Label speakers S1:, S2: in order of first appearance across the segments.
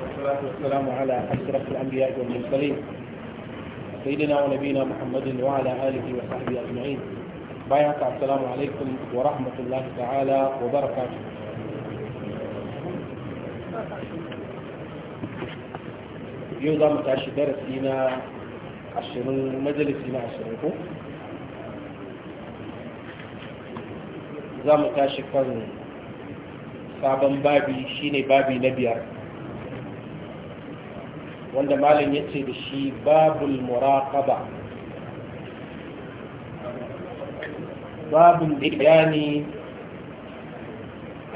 S1: والصلاة والسلام على أشرف الأنبياء والمرسلين سيدنا ونبينا محمد وعلى آله وصحبه أجمعين بايعك السلام عليكم ورحمة الله تعالى وبركاته يوضع متعشي درسينا عشرين مجلسنا عشرين za mu sabon babi shine babi na biyar wanda malin ya ce da shi babul muraqaba Babin da bayani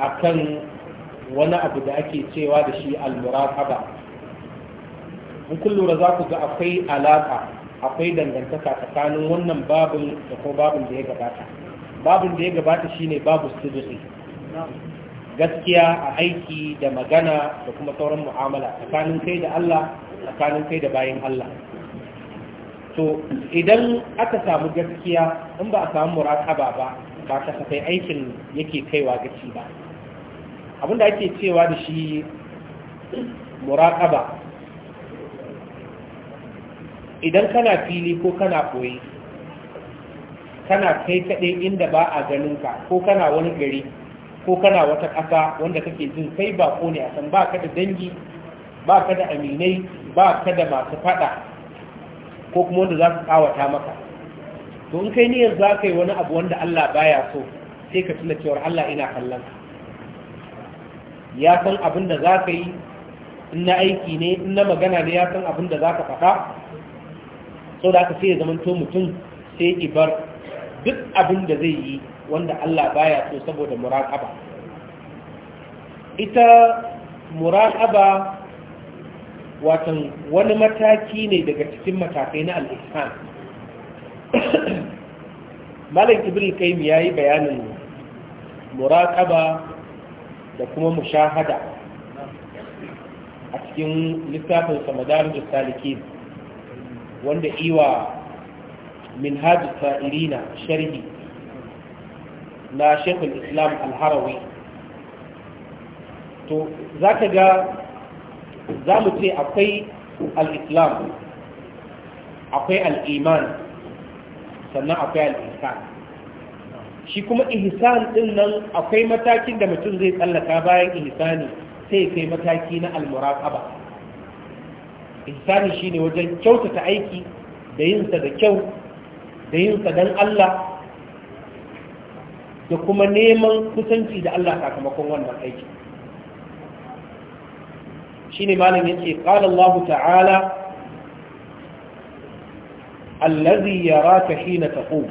S1: akan wani abu da ake cewa da shi al-muraqaba in kun lura za ku ga akwai alaka akwai dangantaka tsakanin wannan babin da ko babin da ya gabata babin da ya gabata shine babu sidiri gaskiya a aiki da magana da kuma sauran mu'amala tsakanin kai da Allah tsakanin kai da bayan Allah to idan aka samu gaskiya in ba a samu muraƙaba ba ba kai aikin yake kaiwa gaci ba abinda ake cewa da shi muraƙaba idan kana fili ko kana koyi kana kai kaɗai inda ba a ganinka ko kana wani gari ko kana wata ƙasa wanda kake jin kai ba ko ne a san ba ka da dangi ba ka da aminai ba ka da masu faɗa ko kuma wanda za su ƙawata maka to in kai niyyar za ka yi wani abu wanda Allah baya so sai ka tuna cewar Allah ina kallon ya san abin da za ka yi in na aiki ne in na magana ne ya san abin da za ka faɗa sau da aka sai ya zamanto mutum sai ibar duk abin da zai yi wanda Allah baya so saboda muraqaba ita muraqaba wato wani mataki ne daga cikin matakai na al-ihsan malam ibril kaim yayi bayanin muraqaba da kuma mushahada a cikin littafin samadarul salikin wanda iwa hadith sa'irina sharhi na shekul islam alharawi to za ka ga za mu ce akwai al-islam akwai al-iman sannan akwai al-ihsan shi kuma ihsan din nan akwai matakin da mutum zai tsallaka bayan ihsani sai kai mataki na al-muraqaba ihsani shine wajen kyautata aiki da yin sa da kyau da yin sa dan Allah da kuma neman kusanci da Allah sakamakon wannan aiki shine malam yace qala Allah ta'ala allazi yaraka hina taqum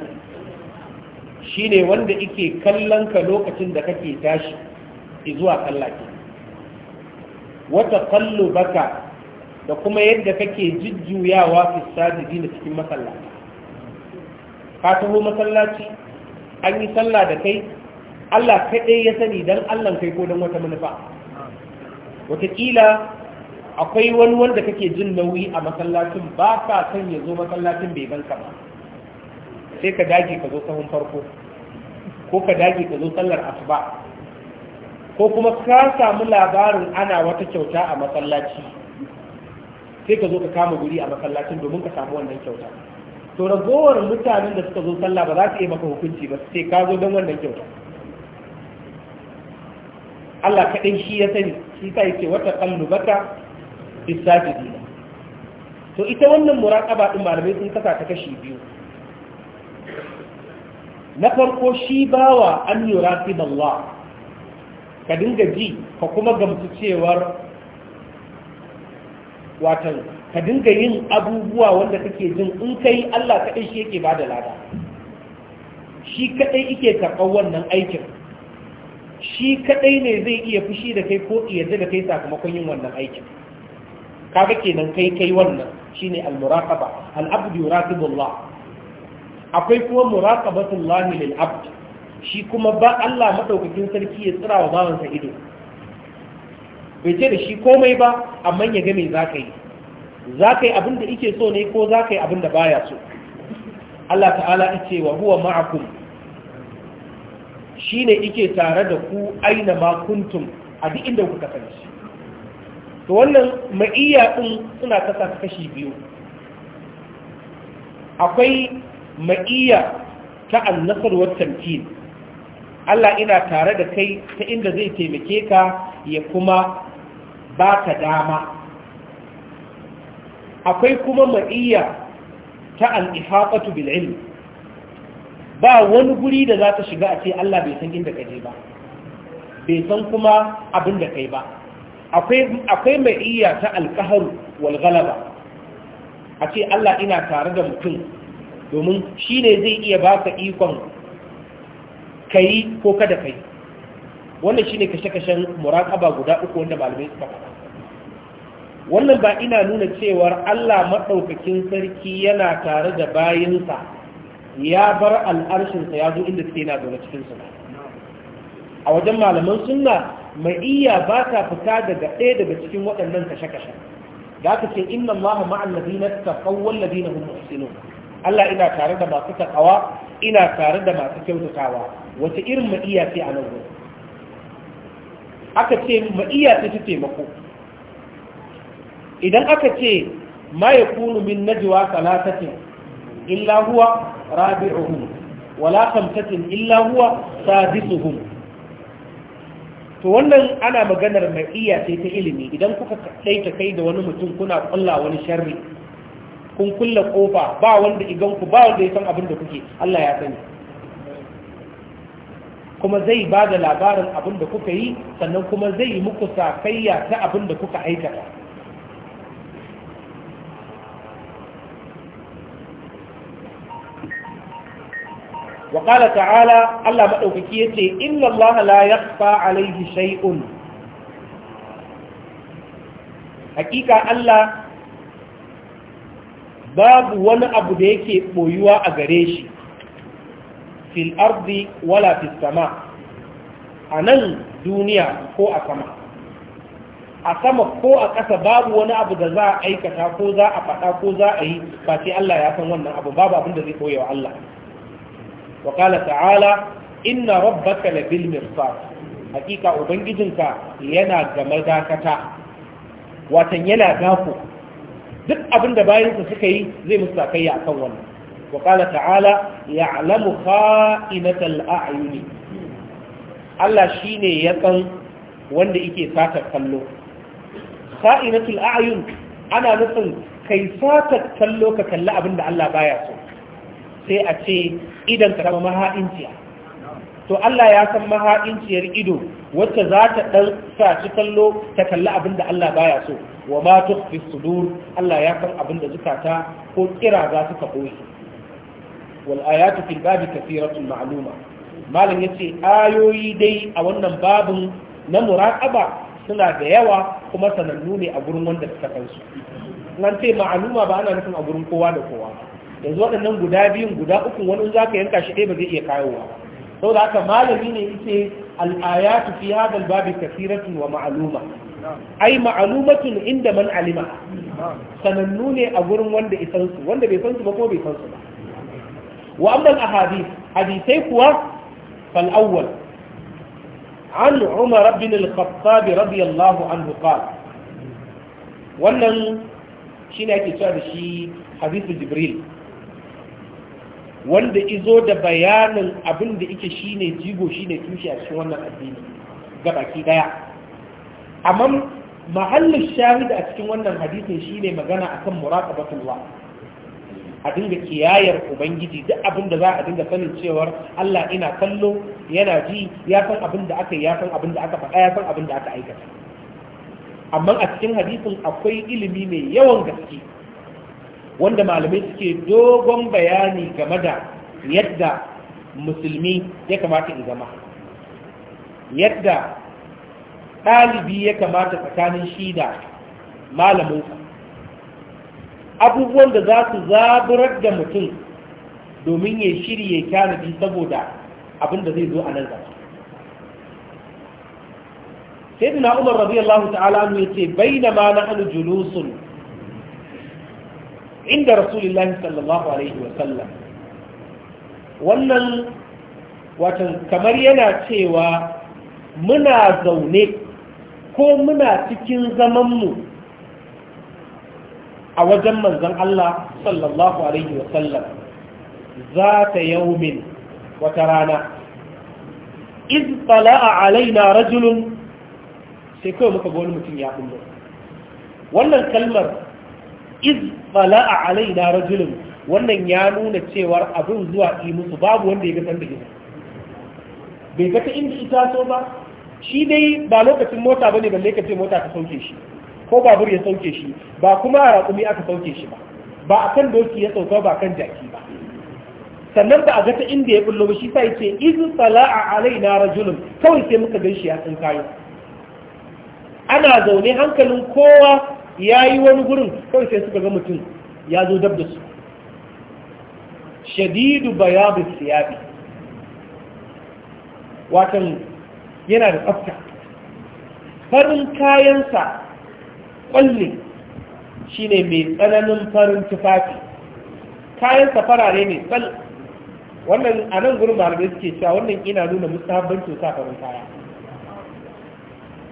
S1: shine wanda yake kallon ka lokacin da kake tashi zuwa kallaki wata baka da kuma yadda kake jujjuyawa fi sajidi da cikin masallaci ka taho masallaci an yi sallah da kai Allah kaɗai ya sani don Allah kai ko don wata manufa wataƙila akwai wani wanda kake jin nauyi a masallacin ba ka son ya zo masallacin bai ganka ba sai ka dage ka zo sahun farko ko ka dage ka zo sallar asuba ko kuma ka samu labarin ana wata kyauta a masallaci sai ka zo ka kama guri a masallacin domin ka samu wannan kyauta to ragowar mutanen da suka zo sallah ba za su iya maka hukunci ba su ce ka zo don wannan kyauta Allah kaɗai shi ya sani shi ta yake wata kallubaka lissafi dina to ita wannan muraƙaba ɗin malamai sun kasa ta kashi biyu na farko shi bawa an yura fi Allah ka dinga ji ka kuma gamsu cewar watan ka dinga yin abubuwa wanda kake jin in ka yi Allah kaɗai shi yake ba da lada shi kaɗai yake karɓar wannan aikin shi kaɗai ne zai iya fushi da kai ko yarda da kai sakamakon yin wannan aikin kaga kenan kai kai wannan shine al-muraqaba al-abd yuraqibullah akwai kuma muraqabatullahi lil abd shi kuma ba Allah madaukakin sarki ya tsira wa bawansa ido bai ce da shi komai ba amma ya ga me zaka yi za ka yi abin da ike so ne ko za ka yi abin da baya so Allah ta'ala ce wa huwa ma'akum shi ne ike tare da ku aina makuntum a duk inda kuka kasance to wannan ma'iyya ɗin suna kasa kashi biyu akwai ma'iyya ta annasarwar tamkin Allah ina tare da kai ta inda zai taimake ka ya kuma ba ka dama akwai kuma ma'iyya ta al-ihaqatu bil ba wani guri da za ta shiga a ce Allah bai san inda kaje ba bai san kuma abin da kai ba akwai ma'iyya ta alkahar wal a ce Allah ina tare da mutum domin shi ne zai iya baka ikon kai ko kada kai wannan shine kashe-kashen murakaba guda uku wanda malamai suka faɗa wannan ba ina nuna cewar Allah maɗaukakin sarki yana tare da bayinsa ya bar al'arshinsa ya zo inda suke na zaune cikinsu ba. a wajen malaman suna mai iya ba ta fita daga ɗaya daga cikin waɗannan kashe-kashe da aka ce inna Allah ma'an ladina taqawwal ladina hum muhsinun Allah ina tare da masu takawa ina tare da masu kyautatawa wata irin ma'iya ce a nan gurin aka ce ma'iya ce ta taimako idan aka ce ma ya kunu min najwa salatatin illa huwa rabi'uhum wala khamsatin illa huwa sadisuhum to wannan ana maganar mai iya ce ta ilimi idan kuka ta kai da wani mutum kuna kulla wani sharri kun kulla kofa ba wanda idan ku ba wanda ya san abin da kuke Allah ya sani kuma zai ba da labarin abin da kuka yi sannan kuma zai yi muku sakayya ta abin da kuka aikata wa ta'ala Allah madaukaki yace inna Allah la yakhfa alayhi shay'un hakika Allah babu wani abu da yake boyuwa a gare shi fil ardi wala fis a nan duniya ko a sama ko a ƙasa babu wani abu da za aikata ko za faɗa ko za yi ba sai Allah ya san wannan abu babu abin da zai koya wa Allah wa ta'ala inna rabbaka labil mirsad hakika ubangijinka yana ga madakata watan yana dako duk abin da bayansa suka yi zai musu sakayya a wannan wa qala ta'ala ya'lamu kha'inatal a'yuni Allah shine ya san wanda yake sata kallo kha'inatul a'yun ana nufin kai sata kallo ka kalla abin da Allah baya so sai a ce idan ka zama maha'inciya to Allah ya san maha'inciyar ido wacce za ta ɗan sa ci kallo ta kalli abinda Allah baya so wa ma fi sudur Allah ya san abin da zukata ko kira za su ka boye wal ayatu fil babi kathiratun ma'luma malam yace ayoyi dai a wannan babin na muraqaba suna da yawa kuma sanannu ne a gurin wanda suka kansu nan ce ma'aluma ba ana nufin a gurin kowa da kowa yanzu waɗannan guda biyun guda ukun wani za ka yanka shi ɗaya ba zai iya kayowa sau da haka malami ne ita al'ayatu fi hadal babi kasiratun wa ma'aluma ai ma'alumatun inda man alima sanannu ne a gurin wanda isansu, wanda bai san su ba ko bai san su ba wa amma ahadith hadisai kuwa fal awwal an umar bin al-khattab radiyallahu anhu qala wannan shine ake cewa da shi hadithu jibril wanda izo da bayanin abin da ike shi ne jigo shi ne tushe a cikin wannan addini ga baki daya amma mahallin shahida a cikin wannan hadisin ne magana akan muraƙabatulwa a dinga kiyayar ubangiji duk abin da za a dinga sanin cewar Allah ina kallo yana ji ya san abin da aka yi ya san abin da aka faɗa ya san abin da aka aikata amma a cikin hadisin akwai ilimi mai yawan gaske wanda malamai suke dogon bayani game da yadda musulmi ya kamata in zama yadda ɗalibi ya kamata tsakanin shi da malaminsa abubuwan da za su zaburar da mutum domin ya shirye tanadi saboda abin da zai zo a nan gaba sai umar radiyallahu ta'ala ya ce bai na ma na julusun inda rasulullahi sallallahu alaihi wasallam wannan watan kamar yana cewa muna zaune ko muna cikin zamanmu a wajen manzan Allah sallallahu alaihi wasallam za ta yaumin wata rana iz tala'a alaina rajulun sai kawai muka ga wani mutum ya kullum. wannan kalmar iz bala'a alaina rajulun wannan ya nuna cewar abin zuwa yi musu babu wanda ya ga da gida bai ga ta inda ita so ba shi dai ba lokacin mota bane balle ka ce mota ka sauke shi ko babur ya sauke shi ba kuma raƙumi aka sauke shi ba ba a kan doki ya sauka ba kan jaki ba sannan ba a ga ta inda ya bullo ba shi sai ce iz sala'a alaina rajulun kawai sai muka gan shi ya ana zaune hankalin kowa ya yi wani gurin kawai sai suka ga mutum ya zo dab da su shadidu bayabu siyabi watan yana da tsafta farin kayansa shi shine mai tsananin farin tufafi kayansa farare ne tsal wannan a nan gurin malamai suke cewa wannan ina nuna musamman sa farin kaya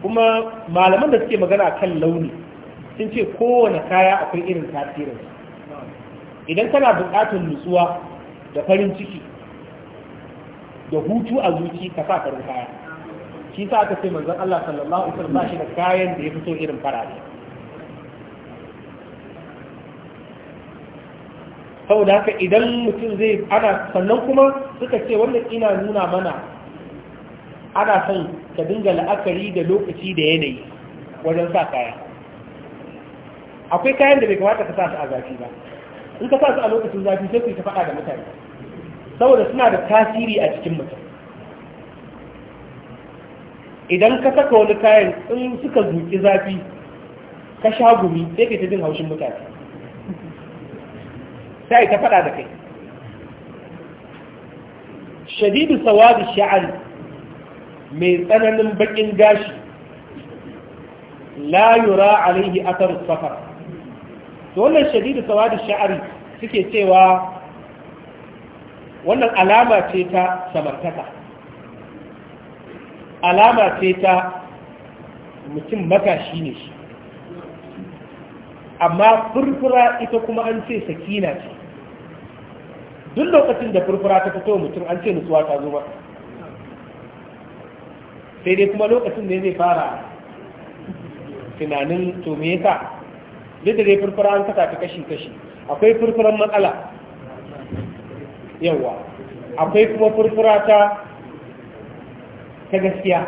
S1: kuma malaman da suke magana kan launi sun ce kowane kaya akwai irin tasirin idan kana buƙatar nutsuwa da farin ciki da hutu a zuci ka sa farin kaya shi sa aka ce manzon Allah sallallahu alaihi wasallam ba shi da kayan da ya fito irin farare saboda haka idan mutum zai ana sannan kuma suka ce wannan ina nuna mana ana son ka dinga la'akari da lokaci da yanayi wajen sa kaya akwai kayan da bai kamata ka sa su a zafi ba in ka sa su a lokacin zafi sai ku ta faɗa da mutane saboda suna da tasiri a cikin mutum idan ka saka wani kayan in suka zuƙi zafi ka sha gumi sai kai ta jin haushin mutane sai ta faɗa da kai shadidu sawadi sha'ani mai tsananin baƙin gashi la yura alaihi athar safar to wannan shadidu da sha'ari suke cewa wannan alama ce ta samartaka alama ce ta mutum matashi ne shi amma furfura ita kuma an ce sakina ce duk lokacin da furfura ta fito mutum an ce nutsuwa ta zo sai dai kuma lokacin da zai fara tunanin to yasa duk da dai furfura an saka ta kashi kashi akwai furfuran matsala yawa akwai kuma furfura ta gaskiya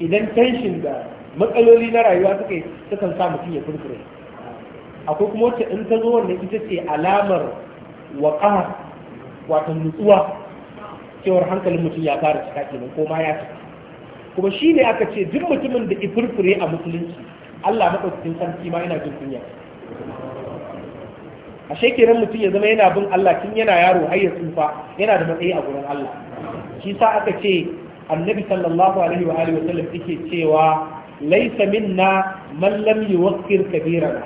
S1: idan tension da matsaloli na rayuwa suka sukan sa mutum ya furfure akwai kuma wacce in ta zo wanda ita ce alamar waƙar, wata nutsuwa cewar hankalin mutum ya fara cika kenan ko ma ya cika kuma shi ne aka ce duk mutumin da ifurfure a musulunci Allah madaukakin sarki ma yana jin kunya ashe kenan mutum ya zama yana bin Allah tun yana yaro har ya tsufa yana da matsayi a gurin Allah shi sa aka ce annabi sallallahu alaihi wa alihi wasallam yake cewa laysa minna man lam yuwaqqir kabirana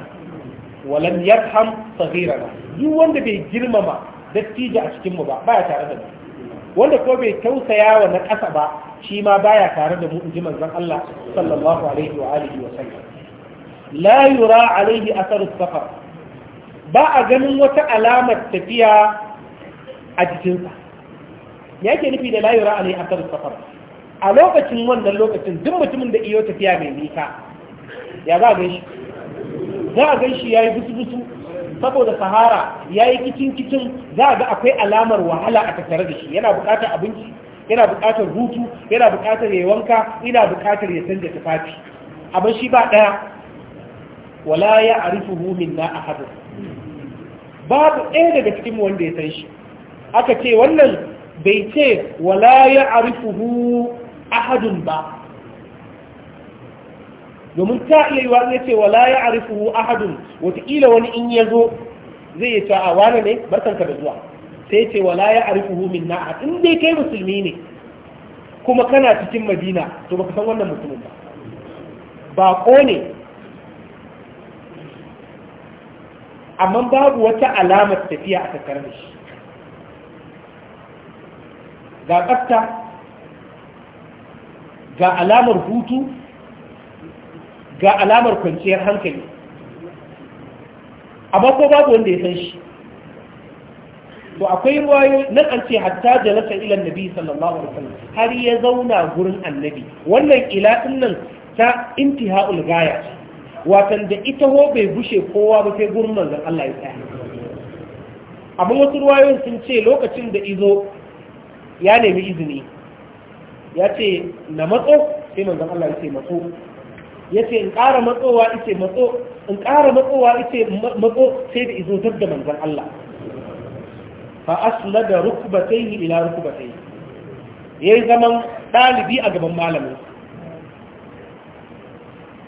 S1: wa lam yarham saghirana duk wanda bai girmama dattijo a cikin mu ba baya tare da mu wanda ko bai tausaya wa na ƙasa ba shi ma baya tare da mu in ji manzon Allah sallallahu alaihi wa alihi wasallam la yura alaihi asarus safar ba a ganin wata alamar tafiya a jikinsa ya ke nufi da la yura alaihi asarus safar a lokacin wannan lokacin duk mutumin da iyo tafiya mai nika ya za a gan shi za a gan shi ya yi busu-busu saboda sahara ya yi kicin-kicin za a ga akwai alamar wahala a tattare da shi yana bukatar abinci yana bukatar hutu yana bukatar ya wanka yana bukatar ya canza tufafi abin shi ba ɗaya wala ya na a hadu? babu ɗaya daga cikin wanda ya san shi aka ce wannan bai ce wala ya arifuhu ahadun ba domin ta iya yi wani ce wala ya arifuhu ahadun wataƙila wani in ya zo zai yi ta wane ne barkanka da zuwa sai ce wala ya arifuhu min na'a in dai kai musulmi ne kuma kana cikin madina to baka san wannan mutumin ba baƙo ne amma babu wata alamar tafiya a tattare da shi ga tsafta ga alamar hutu ga alamar kwanciyar hankali amma ko babu wanda ya san shi to akwai ruwayo nan an ce hatta jalasa ilan nabi sallallahu alaihi wasallam har ya zauna gurin annabi wannan ila nan ta intiha'ul gaya watan da ita ho bai bushe kowa ba sai gurin manzan Allah ya tsaya amma wasu ruwayoyin sun ce lokacin da izo ya nemi izini ya ce na matso sai manzan Allah ya ce matso ya ce in ƙara matsowa ice matso in ƙara matsowa ice matso sai da izo tar da manzan Allah fa asla da rukbatayhi ila Ya yayi zaman dalibi a gaban malamin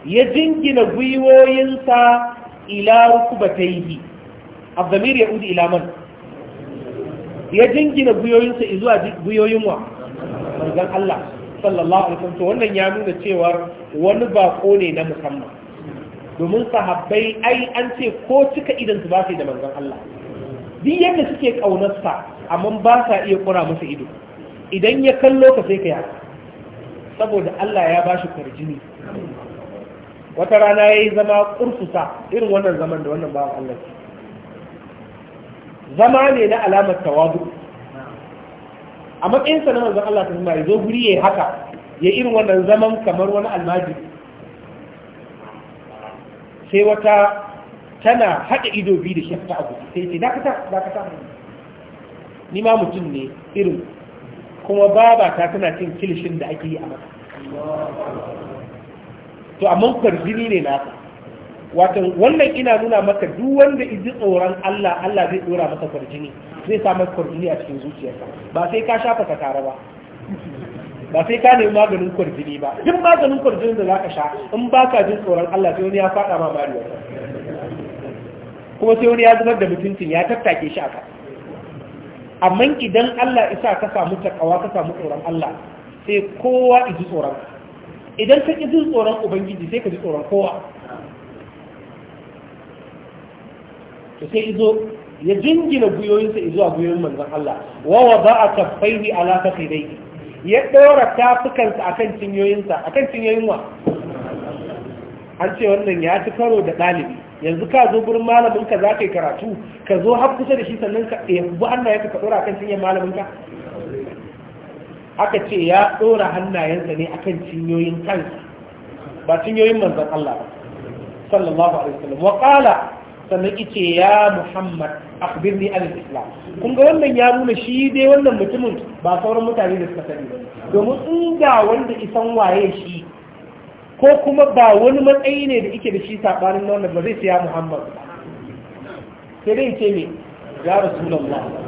S1: ya jingina gwiwoyinsa ila ta yi abdamir ya udi ila man ya jingina gwiwoyinsa zuwa gwiwoyin wa manzon Allah sallallahu alaihi wasallam wannan ya nuna cewa wani bako ne na musamman domin sahabbai ai an ce ko cika idan su ba su da manzon Allah duk yadda suke kaunarsa amma ba sa iya kura musu ido idan ya kallo ka sai ka yi saboda Allah ya bashi shi wata rana ya yi zama kursusa irin wannan zaman da wannan bawan Allah ke zama ne na alamar tawadu a matsayinsa na manzon Allah ta zama ya zo guri ya haka ya irin wannan zaman kamar wani almaji sai wata tana haɗa ido biyu da shafta abu sai ce dakata dakata ni ma mutum ne irin kuma babata ta tana cin kilishin da ake yi a mata to amma kwarjini ne naka wato wannan ina nuna maka duk wanda iji tsoron Allah Allah zai dora masa farjini zai samu farjini a cikin zuciyarka ba sai ka shafa ka tare ba ba sai ka nemi maganin kwarjini ba duk maganin kwarjini da zaka sha in baka jin tsoron Allah sai wani ya fada ma mariya kuma sai wani ya zubar da mutuncin ya tattake shi aka amma idan Allah isa ka samu takawa ka samu tsoron Allah sai kowa iji tsoron idan ka ƙi jin tsoron ubangiji sai ka ji tsoron kowa to sai izo ya jingina guyoyinsa izuwa guyoyin manzan Allah wa ba a wada'a ni ala kaffaihi ya ɗora tafukansa kan cinyoyinsa kan cinyoyin wa an ce wannan ya ci karo da ɗalibi yanzu ka zo gurin malaminka za ka yi karatu ka zo har kusa da shi sannan ka yabu na ya ka ɗora akan cinyar malaminka? aka ce ya ɗora hannayensa ne akan cinyoyin kansa ba cinyoyin manzan Allah ba sallallahu alaihi wasallam wa qala sannan ice ya Muhammad akhbirni an islam kun ga wannan ya nuna shi dai wannan mutumin ba sauran mutane da suka sani ba domin in ga wanda isan waye shi ko kuma ba wani matsayi ne da yake da shi sabanin wannan ba zai ce ya Muhammad sai dai ce ne ya Rasulullah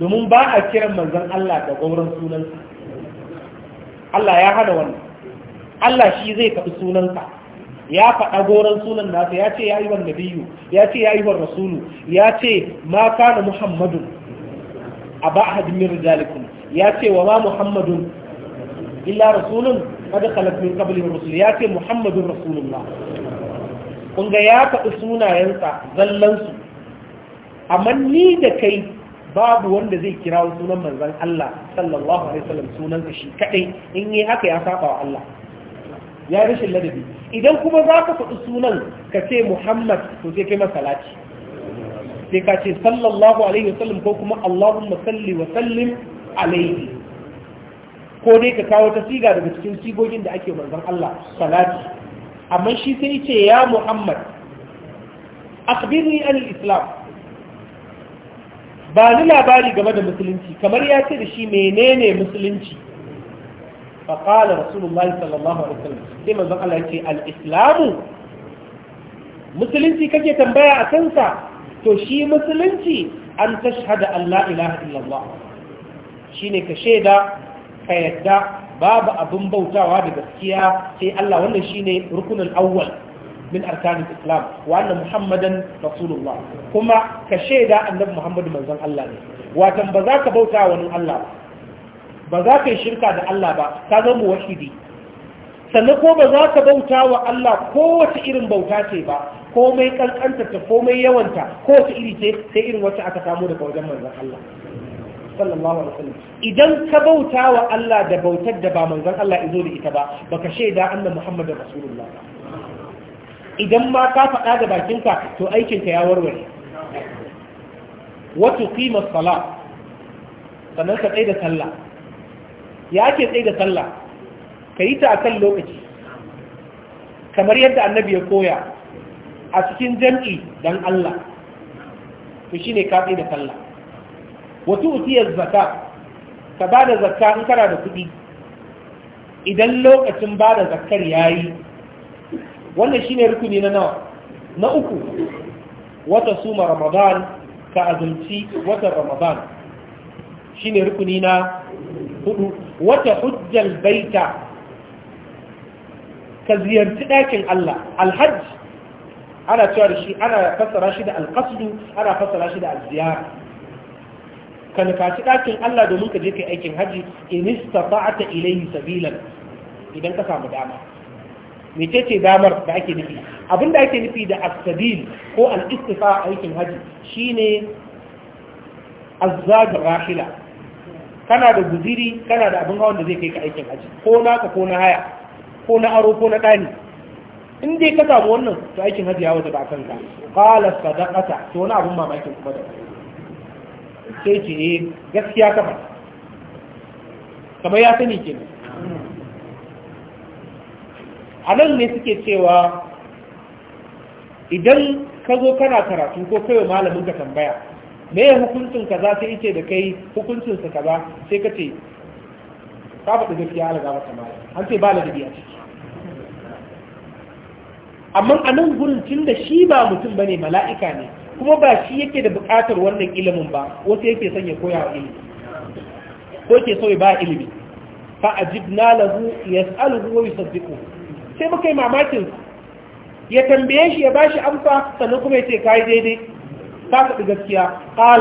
S1: domin ba a kiran manzan Allah da gauran sunansa Allah ya hada wannan Allah shi zai faɗi sunansa ya faɗa goron sunan nasa ya ce ya yi wa nabiyu ya ce ya yi wa rasulu ya ce ma kana muhammadun a ba ahadin min rijalikum ya ce wa ma muhammadun illa rasulun kada khalat min qablihi rusul ya ce muhammadun rasulullah kun ga ya faɗi sunayensa zallansu amma ni da kai babu wanda zai kira sunan manzan Allah sallallahu alaihi wasallam sunansa shi kadai in yi haka ya saba wa Allah ya rashin ladabi idan kuma za ka faɗi sunan ka ce Muhammad to sai kai masalaci sai ka ce sallallahu alaihi wasallam ko kuma Allahumma salli wa sallim alaihi ko dai ka kawo ta siga daga cikin sigogin da ake manzan Allah salati amma shi sai ce ya Muhammad akhbirni an islam ba ni labari game da musulunci kamar ya ce da shi menene musulunci fa qala rasulullahi sallallahu alaihi wasallam sai manzon Allah ya ce al-islamu musulunci kake tambaya a kansa to shi musulunci an tashhada Allah ilaha illallah shine ka shaida ka yadda babu abin bautawa da gaskiya sai Allah wannan shine rukunin awwal min arkanin islam wa anna muhammadan rasulullah kuma ka shaida annabi muhammadu manzon Allah ne watan ba ka bauta wani Allah ba ka yi shirka da Allah ba ka zama wahidi sannan ko ka bauta wa Allah kowace irin ba komai kankanta ta komai yawanta kowace iri ce sai irin wacce aka samu daga wajen manzon Allah sallallahu alaihi wasallam idan ka bauta wa Allah da bautar da ba manzon Allah izo da ita ba baka shaida annabi Muhammadin rasulullah ba idan ma ka faɗa da bakinka to aikinka ya warware wato qima salat sannan ka tsaye da sallah ya ke tsaye da sallah ka yi ta a kan lokaci kamar yadda annabi ya koya a cikin jam'i don Allah to shi ne ka tsaye da sallah wasu utiyar zaka ka ba da zaka in kana da kuɗi idan lokacin ba da zakar ya yi wannan shine rukuni na nawa na uku wata suma ramadan ka azumci wata ramadan shine rukuni na hudu wata hujjal baita ka ziyarci ɗakin Allah alhajj ana cewa da shi ana fassara shi da alqasdu ana fassara shi da alziyara ka nufaci ɗakin Allah domin ka je kai aikin haji in istata'ta ilayhi sabilan idan ka samu dama ce damar da ake nufi abin da ake nufi da asadil ko al'istifa a aikin haji shine azzadu rahila kana da guziri kana da abin hawan da zai kai ka aikin haji ko naka ko na haya ko na aro ko na ɗani in dai ka samu wannan to aikin haji ya wata ba ka qala sadakata to wani abin mamakin kuma da sai ce eh, gaskiya ka kamar ya sani kenan a ne suke cewa idan ka zo kana karatu ko kai wa malamin ka tambaya me ya hukuncin kaza sai ce da kai hukuncin sa kaza sai ka ce ka faɗi gaskiya ala ta mai an ce ba ladabi a ciki amma a nan gurin tun da shi ba mutum bane mala'ika ne kuma ba shi yake da buƙatar wannan ilimin ba wasu yake son ya koya ilimi ko yake so ya ba ilimi fa ajibna lahu yas'aluhu wa yusaddiquhu sai muka yi mamakin ya tambaye shi ya bashi amsa sannan kuma ya ce kai daidai ka faɗi gaskiya Ba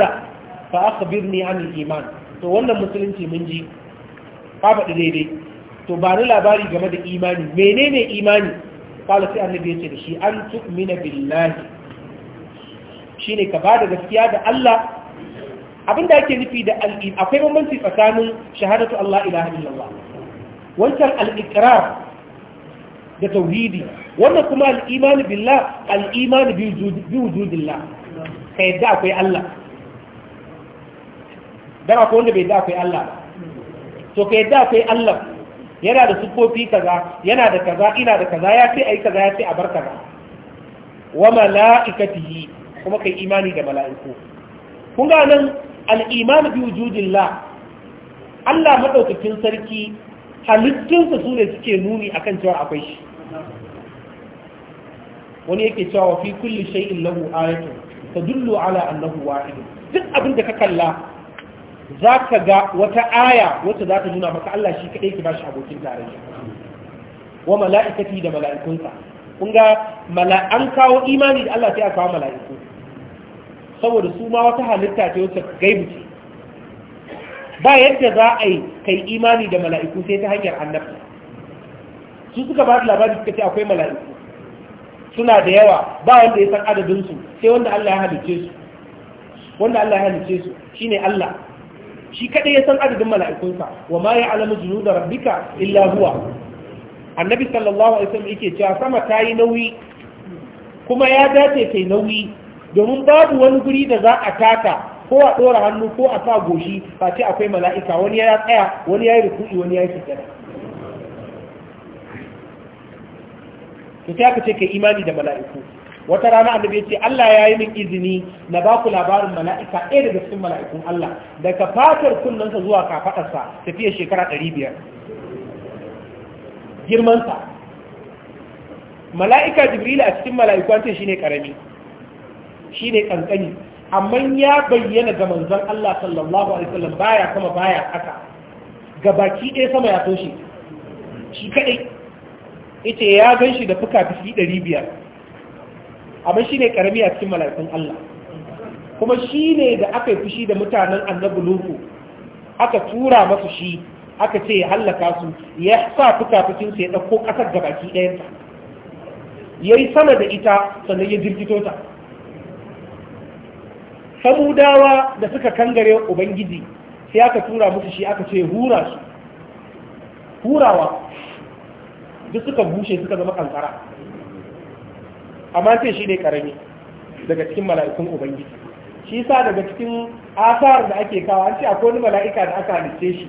S1: fa akhbirni an iman to wannan musulunci mun ji ka faɗi daidai to ba ni labari game da imani menene imani Ƙala sai annabi ya ce da shi an tu'mina billahi shine ka bada gaskiya da Allah Abin da ake nufi da al'im akwai bambanci tsakanin shahadatu Allah ilaha illallah wancan al'ikirar da tauhidi wannan kuma al'imani billah al'imani bi wujudillah ka yadda akwai Allah dan akwai wanda bai yadda akwai Allah to ka yadda akwai Allah yana da sukofi kaza yana da kaza ina da kaza ya ce ayi kaza ya ce a bar kaza wa mala'ikatihi kuma kai imani da mala'iku kun ga nan al'imani bi wujudillah Allah madaukakin sarki halittunsa su ne suke nuni akan cewa akwai shi wani yake cewa wa fi kulli shay'in lahu ayatu tadullu ala annahu wahid duk abin da ka kalla zaka ga wata aya wacce za ta nuna maka Allah shi kadai ke bashi abokin tarayya wa mala'ikati da mala'ikunsa kun ga an kawo imani da Allah sai a kawo mala'iku saboda su ma wata halitta ce wacce gaibu ce ba yadda za a yi kai imani da mala'iku sai ta hanyar annabta su suka ba labari suka ce akwai mala'iku suna da yawa ba wanda ya san adadinsu sai wanda Allah ya halice su wanda Allah ya halice su shine Allah shi kadai ya san adadin mala'ikunsa wa ma ya'lamu da rabbika illa huwa annabi sallallahu alaihi wasallam yake cewa sama ta yi nauyi kuma ya dace kai nauyi domin babu wani guri da za a taka ko a ɗora hannu ko a sa goshi ba ce akwai mala'ika wani ya tsaya wani ya yi ruku'i wani ya yi sujjada to ta aka ce kai imani da mala'iku wata rana annabi ya ce Allah ya yi min izini na ba ku labarin mala'ika ɗaya daga cikin mala'ikun Allah daga fatar kunnensa zuwa kafaɗarsa tafiya shekara ɗari biyar girmansa mala'ika jibrila a cikin mala'iku an ce ƙarami shi ne ƙanƙani. amma ya bayyana ga manzon Allah sallallahu alaihi wasallam baya sama baya haka ga baki ɗaya sama ya toshe shi kadai yace ya gan da fuka fi ɗari biyar amma shi ne a cikin mala'ikun Allah kuma shi ne da aka yi fushi da mutanen annabi nuhu aka tura masa shi aka ce ya halaka su ya sa fuka fukin ya ɗauko ƙasar gabaki ɗayanta ya yayi sama da ita sannan ya jirgito ta samudawa da suka kangare ubangiji sai aka tura musu shi aka ce hura su hurawa duk suka bushe suka zama kankara amma sai shi ne karami daga cikin mala'ikun ubangiji shi sa daga cikin asar da ake kawo an ce akwai wani mala'ika da aka halitta shi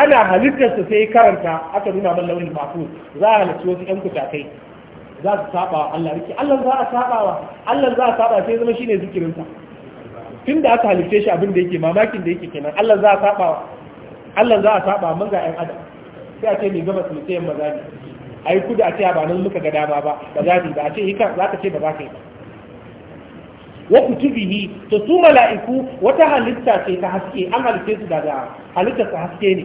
S1: ana halittarsa sai karanta aka nuna man launin mafu za a halarci wasu yan kutakai za su saba wa Allah rike Allah za a saba wa Allah za a saba sai zama shine zikirinsa tun da aka halitta shi abin da yake mamakin da yake kenan Allah za a saba Allah za a saba mun ga ƴan adam sai a ce mai gaba su sai maza ne ai kudu a ce ba nan muka ga dama ba ba za ba a ce hika za ka ce ba za ka yi ba. wa kutubihi to su mala'iku wata halitta ce ta haske an halitta su daga halitta ta haske ne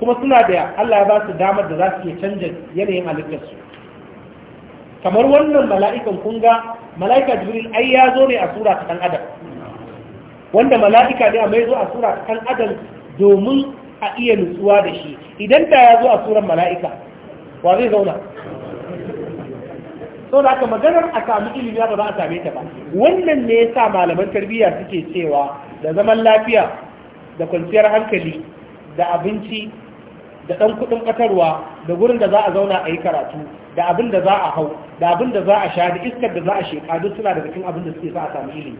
S1: kuma suna da Allah ya ba su damar da za su iya canja yanayin halittar su kamar wannan mala'ikan kun ga mala'ika jibril ai ya zo ne a sura ta dan adam wanda mala'ika ne a mai zo a sura kan adam domin a iya nutsuwa da shi idan da ya zuwa suran mala'ika wa zai zauna sau da aka maganar a sami ilimi ba za a same ta ba wannan ne ya sa malaman tarbiyya suke cewa da zaman lafiya da kwanciyar hankali da abinci da ɗan kuɗin ƙatarwa da gurin da za a zauna a yi karatu da abin da za a hau da abin da za a sha da iskar da za a sheka duk suna daga cikin abin da suke sa a sami ilimi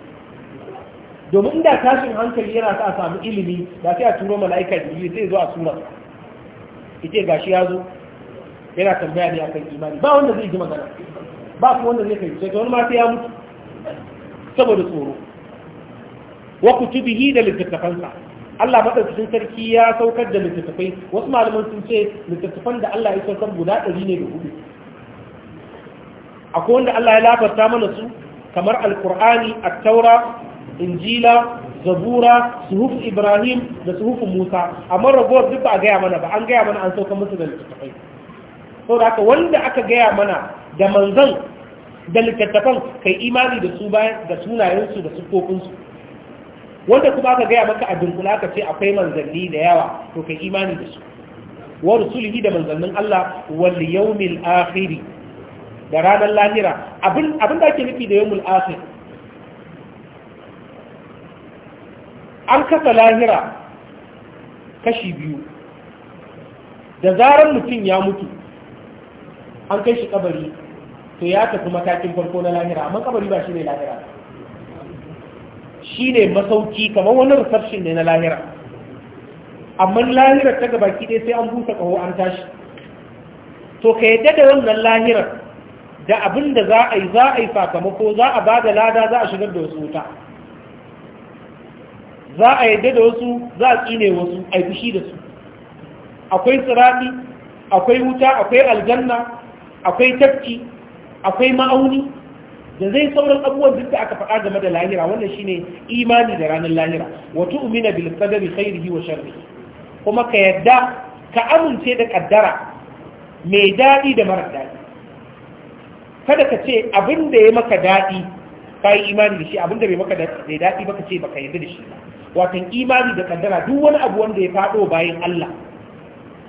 S1: domin da tashin hankali yana sa a samu ilimi da sai a turo mala'ika jibril sai zo a sura ite gashi ya zo yana tambaya ne akan imani ba wanda zai ji magana ba kuma wanda zai kai sai wani ma sai ya mutu saboda tsoro wa kutubihi da littattafansa Allah madaukakin sarki ya saukar da littattafai wasu malaman sun ce littattafan da Allah ya saukar guda ɗari ne da hudu akwai wanda Allah ya lafarta mana su kamar alkur'ani at-taura injila zabura Suhufu ibrahim da Suhufu musa amma rabuwar duk ba a gaya mana ba an gaya mana an sauka musu da littattafai sau da wanda aka gaya mana da manzan da littattafan kai imani da su bayan da sunayensu da siffofinsu wanda kuma aka gaya maka a dunkula aka ce akwai manzanni da yawa to kai imani da su wa rusulihi da manzannin Allah wal yawmil akhir da ranar lahira abin abin da ake nufi da yawmul akhir an kasa lahira kashi biyu da zarar mutum ya mutu an kai shi kabari to ya tafi matakin farko na lahira amma kabari ba shi ne lahira shi ne masauki kamar wani rasarshin ne na lahira amma lahira ta gabaki ɗaya sai an busa kawo an tashi to ka yadda da wannan lahira da abin da za a yi za a yi sakamako za a ba da lada za a shigar da wasu wuta za a yadda da wasu za a tsine wasu a fushi da su akwai tsirani akwai wuta akwai aljanna akwai tafki akwai ma'auni da zai sauran abubuwan duk da aka faɗa game da lahira wannan shine imani da ranar lahira wato umina bil qadari khairihi wa sharrihi kuma ka yadda ka amince da kaddara mai daɗi da mara daɗi kada ka ce abin da ya maka daɗi ka imani da shi abin da bai maka daɗi ba ka ce baka yarda da shi ba watan imani da kaddara duk wani abu wanda ya fado bayan Allah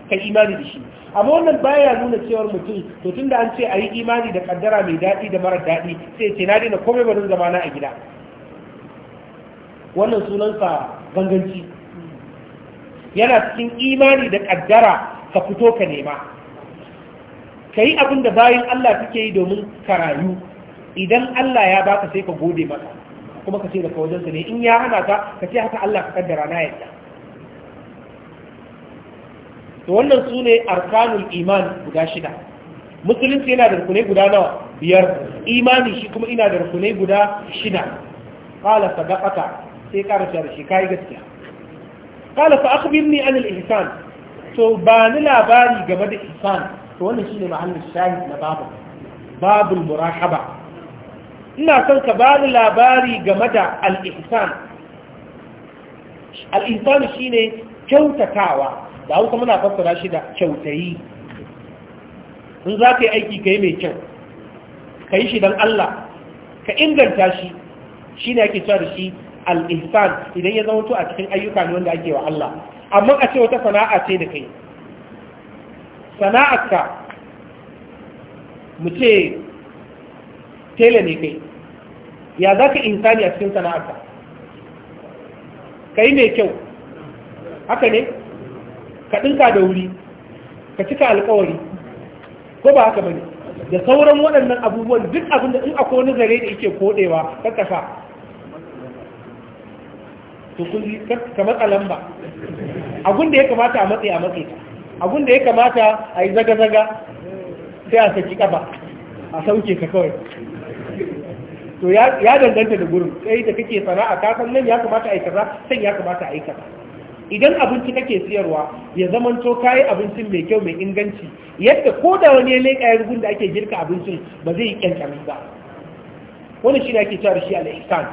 S1: ka imani da shi amma wannan baya nuna cewar mutum to tunda an ce a yi imani da kaddara mai daɗi da mara daɗi sai ce na daina komai barin zamana a gida wannan sunansa ganganci yana cikin imani da kaddara ka fito ka nema ka yi abin da bayan Allah suke yi domin ka rayu idan Allah ya baka sai ka gode maka kuma ka ce daga wajensa ne in ya hana ka ka ce haka Allah ka kaddara na yadda to wannan su ne arkanul iman guda shida musulunci yana da rukunai guda nawa biyar imani shi kuma ina da rukunai guda shida qala sadaqata sai ƙara da shi kai gaskiya qala fa akhbirni an al-ihsan to ba ni labari game da ihsan to wannan shine mahallin shahid na babu babul murahaba ina son ka ba ni labari game da al'ihsan al'ihsan shi ne kyautatawa da hausa muna fassara shi da kyautayi in za ka yi aiki ka yi mai kyau ka yi shi don Allah ka inganta shi shi ne ake cewa da shi al'ihsan idan ya zama a cikin ayyuka ne wanda ake wa Allah amma a ce wata sana'a ce da kai sana'arka mu ce tela ne kai ya za ka insani a cikin sana'arka ka yi mai kyau haka ne ka ɗinka da wuri ka cika alkawari ko ba haka bane da sauran waɗannan abubuwan duk abin da in akwai wani zare da yake kodewa karkasa to kun ka matsa lamba abin da ya kamata a matsayi a matsayi abin da ya kamata a yi zaga-zaga sai a saki ƙafa a sauke ka kawai to ya danganta da gurin sai da kake sana'a ka san nan ya kamata a kaza sai ya kamata a kaza idan abinci kake siyarwa ya zamanto kayi abinci mai kyau mai inganci yadda ko da wani ya leƙa ya rugun da ake girka abincin ba zai yi kyankyami ba wani shi ne ake cewa shi al-ihsan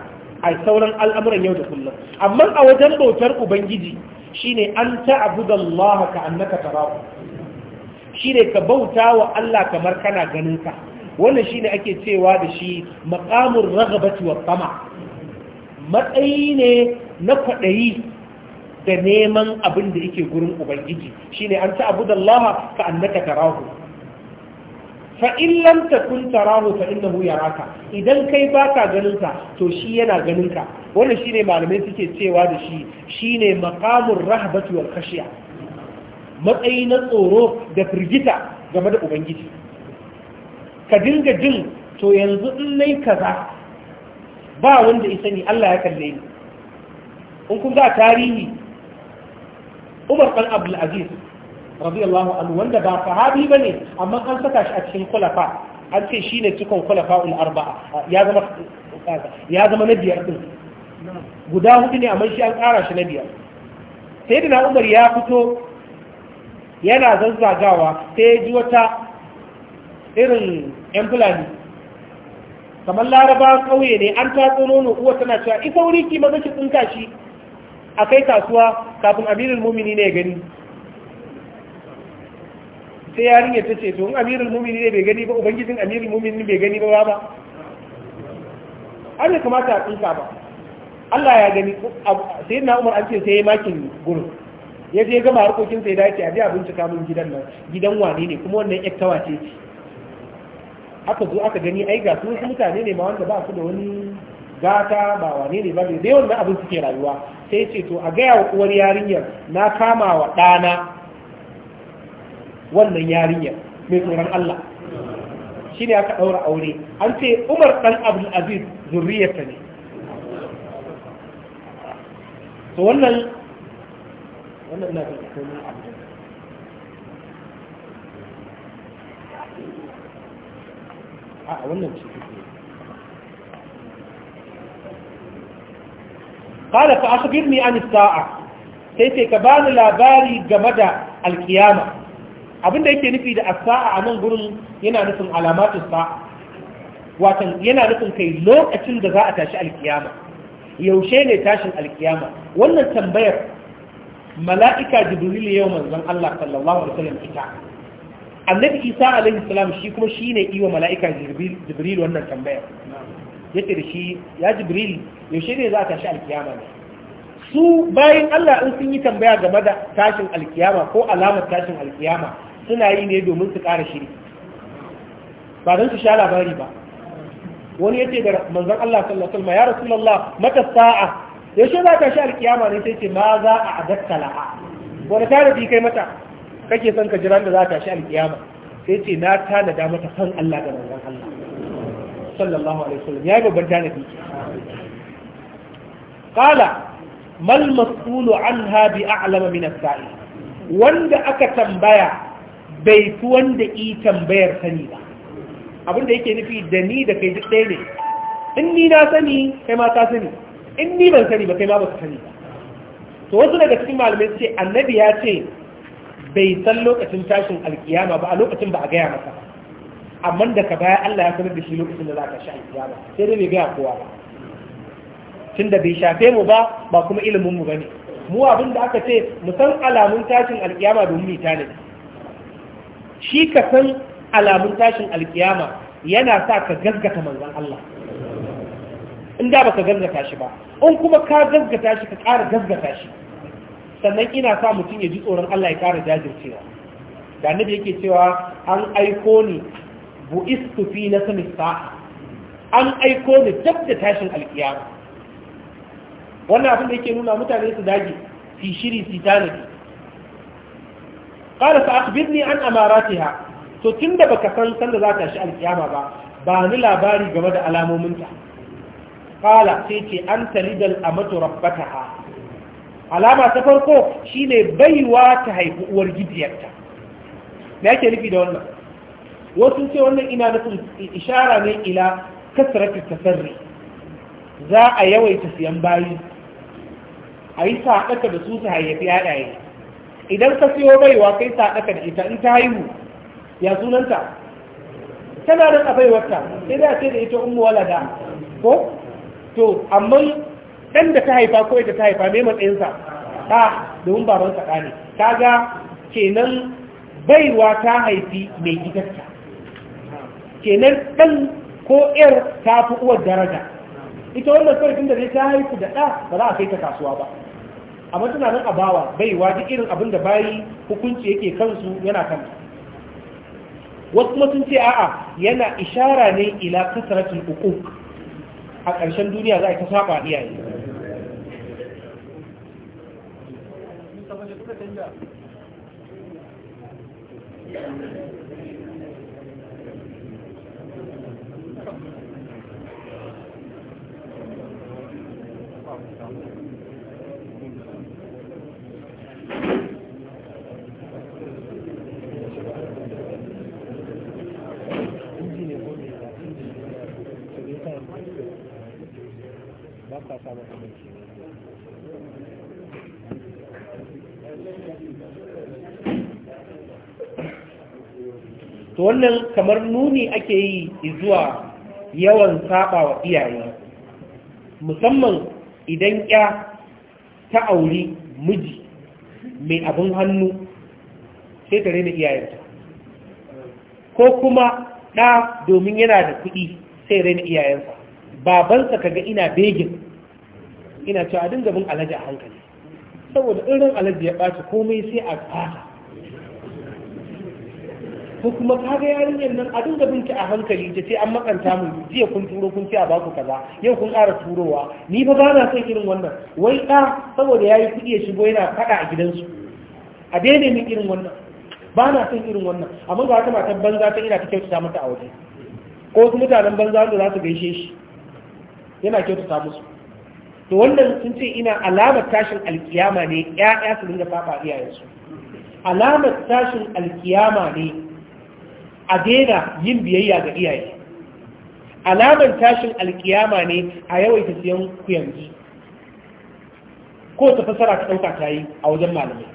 S1: a sauran al'amuran yau da kullum amma a wajen bautar ubangiji shine an ta'budu Allah ka annaka tarahu shine ka bauta wa Allah kamar kana ganin ka wannan shine ake cewa da shi maqamur raghabati wa tama matsayi ne na kwaɗayi da neman abin da yake gurin ubangiji shine an ta'budallaha ka annaka tarahu fa in lam takun tarahu fa innahu yaraka idan kai baka ganin sa to shi yana ganin ka wannan shine malamai suke cewa da shi shine maqamur rahbati wal khashiya matsayi na tsoro da firgita game da ubangiji ka dinga jin to yanzu in nai kaza ba wanda isa ni Allah ya kalle ni in kun ga tarihi Umar bin Abdul Aziz radiyallahu anhu wanda ba sahabi bane amma an saka shi a cikin kulafa an ce shine cikon kulafa ul arba'a ya zama ya zama na biyar din guda hudu ne amma shi an kara shi na biyar sayyidina Umar ya fito yana zazzagawa sai ya ji wata irin yan fulani kamar laraba ƙauye ne an tatso nono uwa tana cewa ita wuri ki maza ki tsinka shi a kai kasuwa kafin amirul mumini ne ya gani sai yarinya ta ce to in amirul mumini ne bai gani ba ubangijin amirul mumini bai gani ba ba an kamata a tsinka ba Allah ya gani sai na Umar an ce sai ya makin gurin ya je gama harkokin sai dace a je a bincika gidan nan gidan wane ne kuma wannan ƴattawa ce aka zo aka gani ai ga su mutane ne ma wanda ba su da wani gata ba wane ne ba da yawan da abin suke rayuwa sai ce to a gaya wa uwar yarinyar na kama wa ɗana wannan yarinyar mai tsoron Allah shi ne aka ɗaura aure an ce umar ɗan aziz zurriyarta ne to wannan wannan na da a
S2: wannan
S3: an
S1: sa'a sai ka ka labari labari game da alkiyama abinda yake nufi da asa'a a nan gurin yana nufin alamatun sa'a watan yana nufin kai lokacin da za a tashi alkiyama yaushe ne tashin alkiyama wannan tambayar mala'ika jibril yau manzon Allah sallallahu alaihi wasallam ita annabi isa alaihi salam shi kuma shi ne iwa mala'ika jibril wannan tambaya ya ce da shi ya jibril yaushe ne za a tashi alkiyama ne su bayan allah in sun yi tambaya game da tashin alkiyama ko alamar tashin alkiyama suna yi ne domin su ƙara shiri ba don su sha labari ba wani ya ce da manzan allah sallallahu alaihi ya rasulallah mata sa'a yaushe za ta tashi alkiyama ne sai ce ma za a adatta la'a wani tarihi kai mata kake son ka jira da za ta shi alkiyama sai ce na tanada mata san Allah da manzon Allah sallallahu alaihi wasallam ya babban tanadi qala mal mas'ulu anha bi a'lama min as-sa'i wanda aka tambaya bai fi wanda i tambayar sani ba abin da yake nufi da ni da kai duk ɗaya ne in ni na sani kai ma ka sani in ni ban sani ba kai ma ba ka sani ba to wasu daga cikin malamai ce annabi ya ce bai san lokacin tashin alkiyama ba a lokacin ba a gaya masa amma ka baya Allah ya sanar da shi lokacin da za ka shi alkiyama sai dai bai gaya kowa ba tunda bai shafe mu ba ba kuma ilimin mu bane mu abin da aka ce mu san alamun tashin alkiyama domin mu tane shi ka san alamun tashin alkiyama yana sa ka gaskata manzon Allah in da baka gaskata shi ba in kuma ka gaskata shi ka ƙara gaskata shi sannan ina sa mutum ya ji tsoron Allah ya ƙara jajircewa da yake cewa an aiko ni bu'istu fi na sami sa'a an aiko ni duk da tashin alkiyama wannan abin da yake nuna mutane su dage fi shiri fi tanadi qala fa akhbirni an amaratiha to tunda baka san sanda za ta shi alkiyama ba ba ni labari game da alamominta qala sai ce an talidal amatu rabbataha alama ta farko shine baiwa ta haifi uwar gidiyarta me yake nufi da wannan wasu ce wannan ina sun ishara ne ila kasratu tasarri za a yawaita siyan bayi a yi sadaka da su ta hayyafi yaɗaye. idan ka siyo baiwa kai sadaka da ita in ta haihu ya sunanta tana nan a baiwarta sai da ce da ita ummu walada ko to amma Ɗan da ta haifa ko ita ta haifa mai matsayinsa ɗa domin baban saɗa ne ga kenan baiwa ta haifi mai gidanta kenan ɗan ko ƴar ta fi uwar daraja ita wannan sarkin da zai ta haifu da ɗa ba za a kai ta kasuwa ba amma tana nan a baiwa duk irin abin da bayi hukunci yake kansu yana kanta wasu kuma ce a'a yana ishara ne ila kasaratul uku a ƙarshen duniya za a ta saba iyaye
S3: ba sa sa maka
S1: to wannan kamar nuni ake yi zuwa yawan saba wa iyaye musamman idan ya ta auri miji mai abin hannu sai ta rena iyayenta ko kuma ɗa domin yana da kuɗi sai rena iyayensa babansa kaga ina begin ina cewa dinga bin alaji a hankali saboda irin alaji ya ɓaci komai sai a ƙasa ko kuma ka ga yarinyar nan a dinga binta a hankali ta ce an makanta mu jiya kun turo kun ce a baku kaza yau kun ƙara turowa ni fa ba na son irin wannan wai ɗa saboda ya yi kuɗi ya shigo yana faɗa a gidansu a daidai min irin wannan ba na son irin wannan amma ga wata matan banza ta ina ta kyautata mata a waje ko wasu mutanen banza wanda za su gaishe shi yana kyautata musu to wannan sun ce ina alamar tashin alkiyama ne ƴaƴa su dinga faɗa iyayensu alamar tashin alkiyama ne a daina yin biyayya ga iyaye Alamar tashin alkiyama ne a yawaita siyan kuyangi ko ta fasara ta ɗauka ta yi a wajen malamai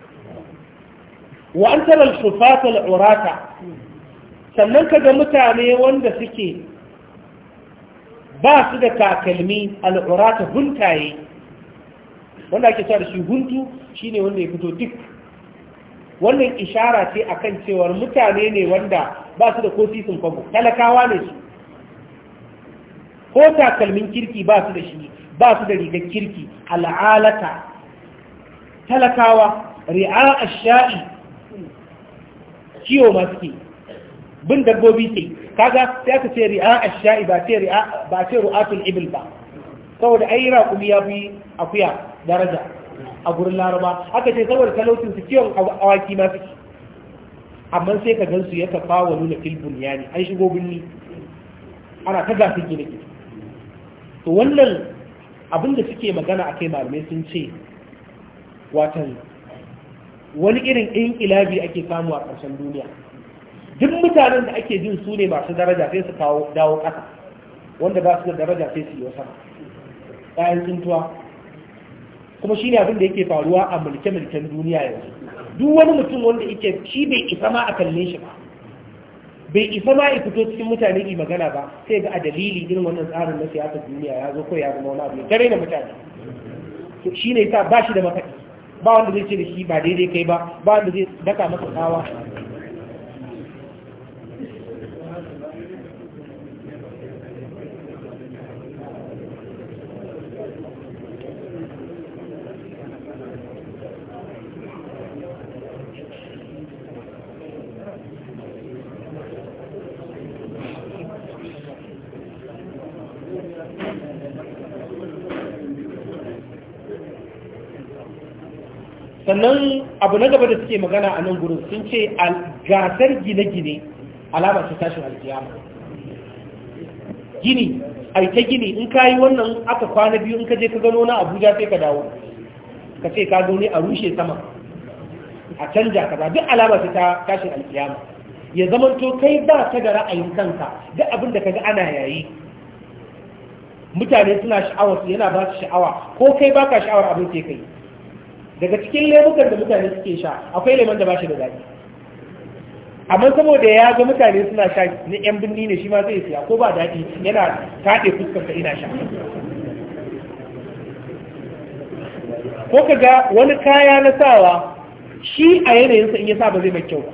S1: wa an tara shufatul urata sannan ka ga mutane wanda suke ba su da takalmi al'urata huntaye wanda ake sa da shi huntu shine wanda ya fito duk wannan ishara ce akan cewar mutane ne wanda ba su da kofi sun kwabo talakawa ne su ko takalmin kirki ba su da shi ba su da rigar kirki al'alata talakawa ri'a asha'i kiwo masu ke bin dabbobi ke. kaga sai aka ce ri'a asha'i ba ce ri'a ba ce ru'atul ibil ba saboda ai kuma ya bi akuya daraja a gurin laraba aka ce saboda talaucin su kiwon awaki ma amma sai ka gansu ya ta fawo nuna filbun yani an shigo binni ana ta gafi gina ke to wannan abinda suke magana a kai malamai sun ce watan wani irin in ilabi ake samu a ƙarshen duniya duk mutanen da ake jin su ne masu daraja sai su kawo dawo ƙasa wanda ba su da daraja sai su yi wasa ɗayan Tuntuwa. kuma ne abin da yake faruwa a mulke-mulken duniya yanzu duk wani mutum wanda yake shi bai isa ma a kalle shi ba bai isa ma a fito cikin mutane yi magana ba sai ga a dalili irin wannan tsarin na siyasar duniya ya zo ko ya zama wani abu ya da mutane shi ne sa ba shi da mafaɗi ba wanda zai ce da shi ba daidai kai ba ba wanda zai daka masa tsawa sannan abu na gaba da suke magana a nan gurin sun ce gasar gine-gine alama ce tashin alkiyama gini a ta gini in ka yi wannan aka kwana biyu in ka je ka gano na abuja sai ka dawo ka ce ka zaune a rushe sama a canja kaza duk alama ta tashin alkiyama ya zama to kai ba ta da ra'ayin kanka duk abin da ka ga ana yayi mutane suna sha'awar yana ba su sha'awa ko kai baka sha'awar abin sai kai daga cikin lemukan da mutane suke sha akwai lemon da ba shi da daji amma saboda ya ga mutane suna sha na yan birni ne shi ma zai siya ko ba daɗi yana kaɗe fuskar ina sha ko ka ga wani kaya na sawa shi a yanayinsa in ya sa ba zai mai kyau ba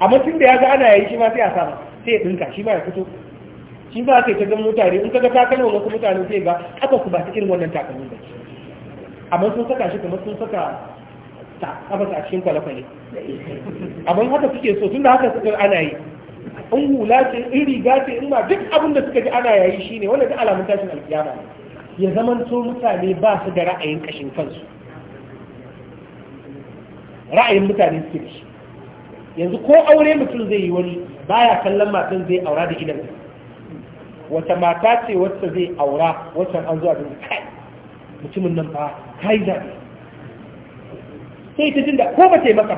S1: amma tun da ya ga ana yayi shi ma sai a sa sai ya dinka shi ma ya fito shi ba sai ka ga mutane in ka ga takalmin wasu mutane sai ga aka ku ba cikin irin wannan takalmin da ke amma sun saka shi kuma sun saka kafasa a cikin kwalafa ne abin haka suke so tun da haka suka ana yi in hula ce in riga ce in ma duk abin da suka ji ana yayi shine wanda duk alamun tashin alkiyama ne ya to mutane ba su da ra'ayin kashin kansu ra'ayin mutane suke da shi yanzu ko aure mutum zai yi wani baya kallon matan zai aura da gidan wata mata ce wacce zai aura wacce an zuwa da kai mutumin nan ba ka yi zaɓe sai ta jinda ko ba ta yi maka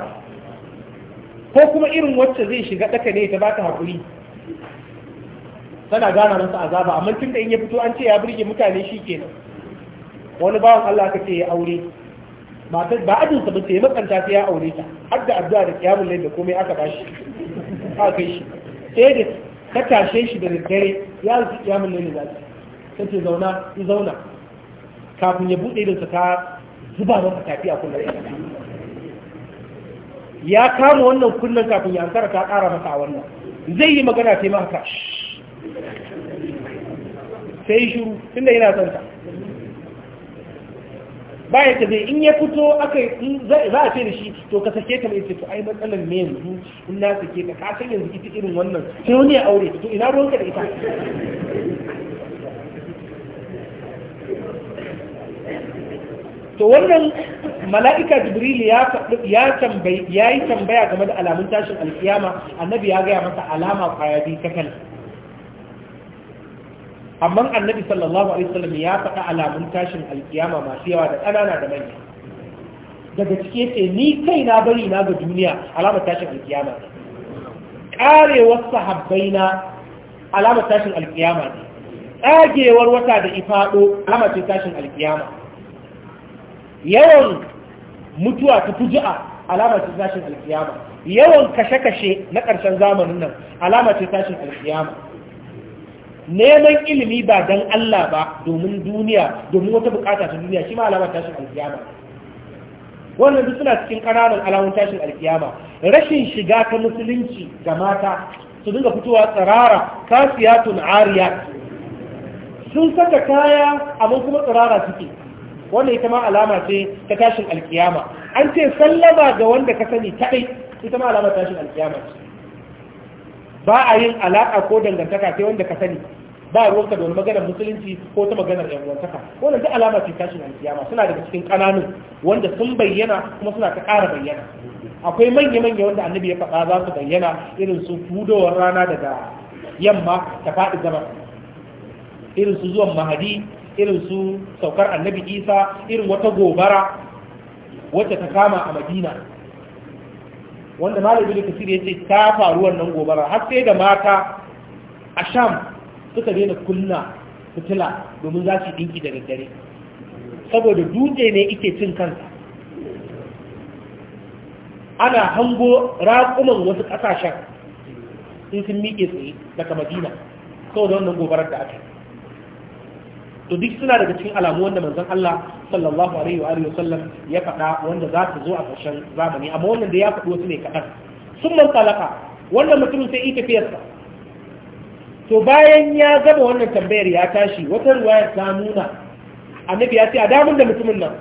S1: ba ko kuma irin wacce zai shiga ɗaka ne ta ba ta haƙuri tana gana masa azaba amma tun da in ya fito an ce ya birge mutane shi kenan wani bawan Allah ka ce ya aure ba ba ajinsa ba ta yi makanta ta ya aure ta har da addu'a da kiyamun lai da komai aka bashi aka kai shi sai da ta tashe shi da daddare ya zuci kiyamun lai da zaki sai ce zauna ki zauna kafin ya buɗe da ta zuba masa tafi a kullum ya kama wannan kullum kafin ya ankara ta ƙara masa a wannan zai yi magana sai maka sai shiru da yana son ta baya ta zai in ya fito aka za a ce da shi to ka sake ta mai to ai matsalar me yanzu in na sake ta ka san yanzu ita irin wannan sai wani ya aure to ina ruwanka da ita to wannan mala'ika jibril ya yi tambaya game da alamun tashin alkiyama annabi ya gaya masa alama kwaya biyu ta amma annabi sallallahu alaihi wasallam ya faɗa alamun tashin alkiyama masu yawa da ƙanana da manya daga cike ce ni kai na bari na ga duniya alamar tashin alkiyama Kare karewar sahabbai na alamar tashin alkiyama ne tsagewar wata da ifaɗo alamar tashin alkiyama yawan mutuwa ta fuji'a alama ce tashin alkiyama yawan kashe-kashe na ƙarshen zamanin nan alama ce tashin alkiyama neman ilimi ba don Allah ba domin duniya domin wata bukata ta duniya shi ma alama tashin alkiyama wannan duk suna cikin ƙananan alamun tashin alkiyama rashin shiga ta musulunci ga mata su dinga fitowa tsirara kasiyatun ariya sun saka kaya amma kuma tsirara suke wannan ita ma alama ce ta tashin alkiyama an ce sallama ga wanda ka sani kadai ita ma alama tashin alkiyama ce ba a yin alaka ko dangantaka sai wanda ka sani ba ruwanka da wani maganar musulunci ko ta maganar yan uwantaka wannan duk alama ce tashin alkiyama suna daga cikin ƙananun wanda sun bayyana kuma suna ta ƙara bayyana akwai manya-manya wanda annabi ya faɗa za su bayyana irin su fudowar rana daga yamma ta faɗi zaman irin su zuwan mahadi irin su saukar annabi isa irin wata gobara wacce ta kama a madina wanda malam ibn kasir ya ce ta faru wannan gobara har sai da mata a sham suka daina kunna fitila domin za su dinki da daddare saboda dutse ne ike cin kansa ana hango raƙuman wasu ƙasashen in sun miƙe tsaye daga madina saboda wannan gobarar da aka yi to duk suna daga cikin alamu wanda manzon Allah sallallahu alaihi wa sallam ya faɗa wanda za ta zo a ƙarshen zamani amma wannan da ya faɗi wasu ne kaɗan sun man talaka wannan mutumin sai ita fiyarsa to bayan ya gama wannan tambayar ya tashi wata ruwaya ta nuna annabi ya ce a damun da mutumin nan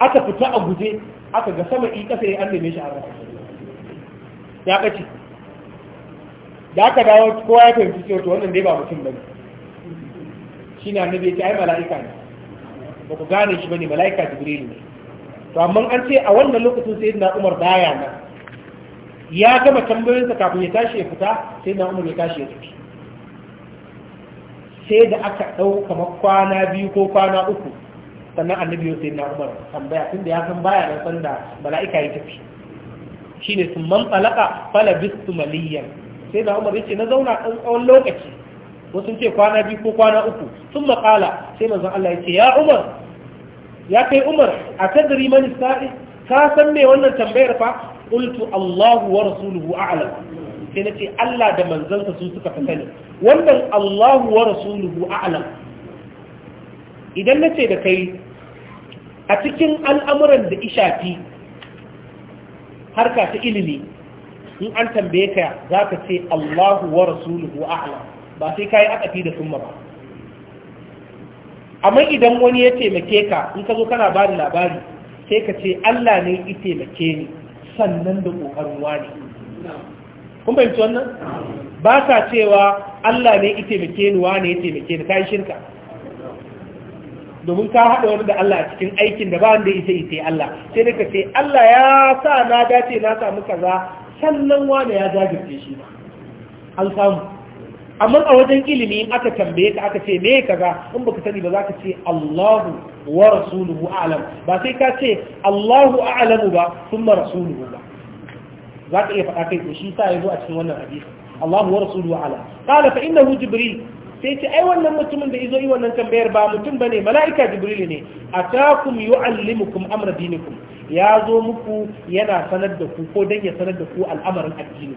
S1: aka fita a guje aka ga sama i kasa ya an neme shi a rasa ya ɓace da aka dawo kowa ya fahimci cewa to wannan dai ba mutum bane shine annabi ya ce ai mala'ika ne ba ku gane shi bane mala'ika jibril ne to amma an ce a wannan lokacin na umar baya nan ya gama tambayoyin sa kafin ya tashi ya fita sai na umar ya tashi ya tafi sai da aka dau kamar kwana biyu ko kwana uku sannan annabi ya sai na umar tambaya tun da ya san baya da san da mala'ika ya tafi shi ne sun man falaka fala bistu maliyan sai na umar yace na zauna ɗan tsawon lokaci wasu ce kwana biyu ko kwana uku sun maƙala sai manzon Allah ya ce ya Umar ya kai Umar a kadari mani sa'i ka san me wannan tambayar fa qultu Allahu wa rasuluhu a'lam sai ce Allah da manzansa su suka fi sani wannan Allahu wa rasuluhu a'lam idan nace da kai a cikin al'amuran da ishafi harka ta ilimi in an tambaye ka za ka ce Allahu wa rasuluhu a'lam ba sai kayi akafi da summa ba amma idan wani ya taimake ka in ka zo kana ba da labari sai ka ce Allah ne ya taimake ni sannan da kokarin wani kun fahimci wannan ba sa cewa Allah ne ya taimake ni wani ya taimake ni kai shirka domin ka haɗa wani da Allah a cikin aikin da ba wanda isa ita Allah sai dai ka ce Allah ya sa na dace na samu kaza sannan wani ya jajirce shi an samu amma a wajen ilimi aka tambaye ka aka ce me ka ga, in baka sani ba za ka ce Allahu wa rasuluhu a'lam ba sai ka ce Allahu a'lamu ba thumma rasuluhu ba za ka iya faɗa kai to shi sa yazo a cikin wannan hadisi Allahu wa rasuluhu a'lam qala fa innahu jibril sai ce ai wannan mutumin da izo yi wannan tambayar ba mutum bane mala'ika jibril ne atakum yu'allimukum amra dinikum ya zo muku yana sanar da ku ko dan ya sanar da ku al'amarin addini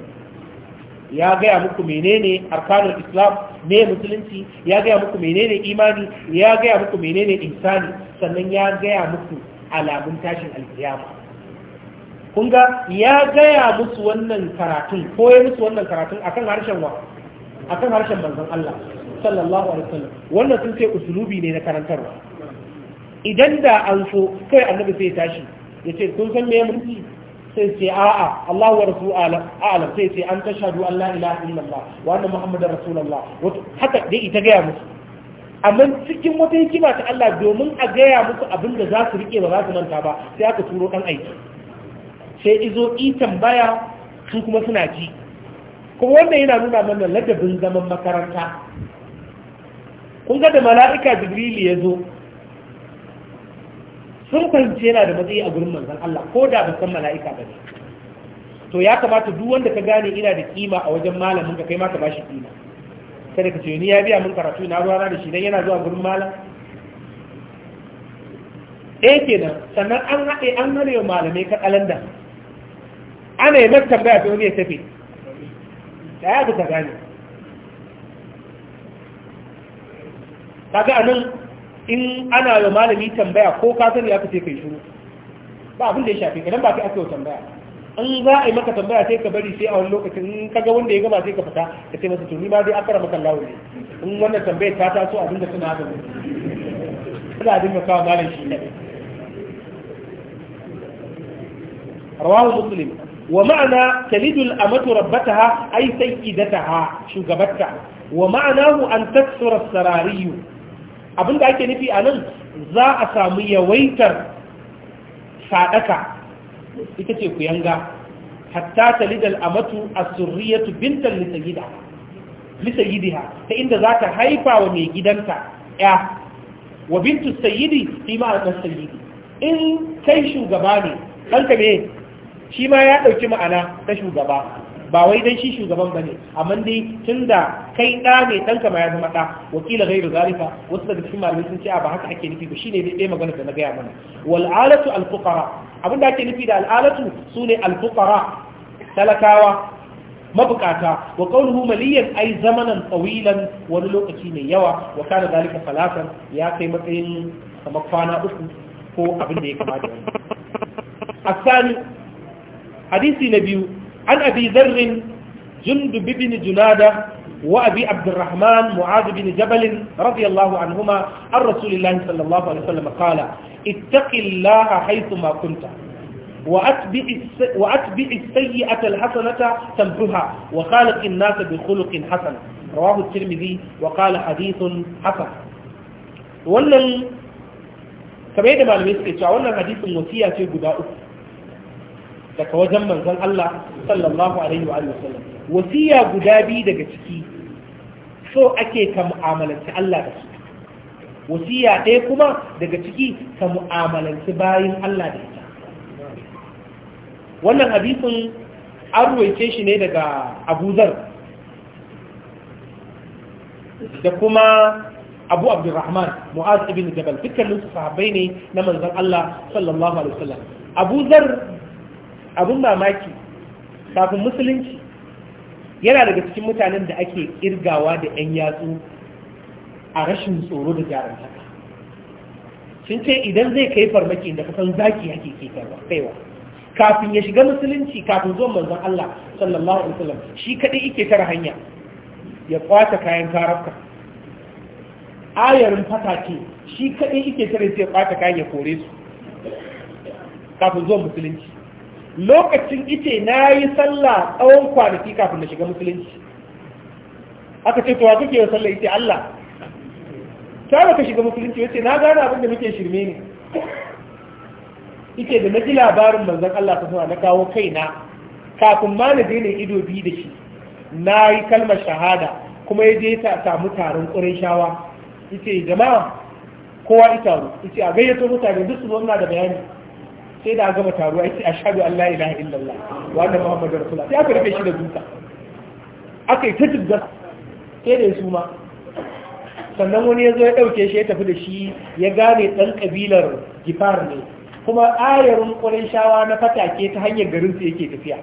S1: ya gaya muku menene arkanul islam ne musulunci ya gaya muku menene imani ya gaya muku menene insani sannan ya gaya muku alamun tashin alkiyama kun ga ya gaya musu wannan karatun ko ya musu wannan karatun akan harshen wa akan harshen manzon Allah sallallahu alaihi wasallam wannan sun ce usulubi ne na karantarwa idan da an so kai annabi sai tashi yace kun san me mutu sai ce a'a Allahu wa rasu a'lam sai ce an tashadu Allah ila illallah wa anna muhammadar rasulullah haka dai ita gaya musu amma cikin wata hikima ta Allah domin a gaya musu abin da za su rike ba za su manta ba sai aka turo dan aiki sai izo i tambaya su kuma suna ji kuma wannan yana nuna mana ladabin zaman makaranta kun ga da mala'ika Jibrili ya zo sun fahimci yana da matsayi a gurin manzan Allah ko da ba san mala'ika ba ne to ya kamata duk wanda ka gane ina da kima a wajen malamin ka kai ma ka bashi kima kada ka ce ni ya biya mun karatu na ruwa da shi dan yana zuwa gurin malam eh kenan sannan an haɗe an hana yau malamai ka kalanda ana yi maka tambaya ta wani ya tafi da ya ka gane ga anan in ana da malami tambaya ko ka sani aka ce kai shiru ba abin da ya shafi idan ba kai aka yi tambaya in za a yi maka tambaya sai ka bari sai a wani lokacin in kaga wanda ya gama sai ka fita ka ce masa to ni ma dai akara maka lawo ne in wannan tambayar ta taso a dinga tuna haka ina dinga kawo malam shi ne rawahu muslim wa ma'ana talidul amatu rabbataha ay sayyidataha shugabatta wa ma'anahu an taksura sarariyu abinda ake nufi a nan za a samu yawaitar sadaka ita ce kuyanga hatta talidal amatu as bintan lisayida lisayidiha ta inda za ta haifa wa mai gidanta ya wa bintu sayidi, fi ma an sayyidi in kai shugaba ne ɗanka ne shi ma ya ɗauki ma'ana ta shugaba ba wai dan shi shugaban bane amma dai tunda kai da ne danka ma ya zama da wakila gairu zalika wasu daga cikin malamai sun ce a ba haka ake nufi ba shine dai magana da na gaya mana wal alatu al fuqara abinda ake nufi da al alatu sune al fuqara talakawa mabukata wa qawluhu maliyan ay zamanan tawilan wani lokaci mai yawa wa kana zalika salatan ya kai matsayin kamar kwana uku ko abin da ya kamata sani hadisi na biyu عن أبي ذر جندب بن جنادة وأبي عبد الرحمن معاذ بن جبل رضي الله عنهما عن رسول الله صلى الله عليه وسلم قال اتق الله حيثما كنت وأتبع, وأتبع السيئة الحسنة تمحها وخالق الناس بخلق حسن رواه الترمذي وقال حديث حسن wannan kamar yadda malamai suke cewa wannan hadisin wasiya ce guda uku daga wajen manzon Allah sallallahu alaihi wa sallam wasiya guda biyu daga ciki so ake ka mu'amalanci Allah da su wasiya ɗaya kuma daga ciki ka mu'amalanci bayan Allah da ita wannan hadisin an shi ne daga abuzar da kuma abu abdurrahman mu'az ibn jabal dukkanin su sahabbai ne na manzon Allah sallallahu alaihi wasallam abu zar abin mamaki kafin musulunci yana daga cikin mutanen da ake irgawa da 'yan yatsu a rashin tsoro da haka sun ce idan zai kai farmaki da kasan zaki ake ke kaiwa kafin ya shiga musulunci kafin zuwan manzan Allah sallallahu alaihi wasallam shi kaɗai ike tara hanya ya kwata kayan karafka ayarin fata ce shi kaɗai ike tara ya kwata kayan ya kore su kafin zuwan musulunci lokacin ita na yi sallah tsawon kwanaki kafin da shiga musulunci aka ce tuwa kuke yi yin sallah ita, Allah ta baka shiga musulunci wace na gane abin da muke shirme ne Ita da na ji labarin manzon Allah ta suna na kawo kaina kafin ma na daina ido biyu da shi na yi kalmar shahada kuma ya je ta samu taron ƙurin shawa yi jama'a kowa ita a gayyato mutane duk su zo da bayani sai da gama taruwa yace ashhadu Allah ya ilaha illallah wa da Muhammadu rasulullah sai aka rufe shi da duka aka yi ta jibgar sai da su ma sannan wani ya zo ya ɗauke shi ya tafi da shi ya gane ɗan ƙabilar gifar ne kuma ayarun ƙwarin shawa na fatake ta hanyar garin su yake tafiya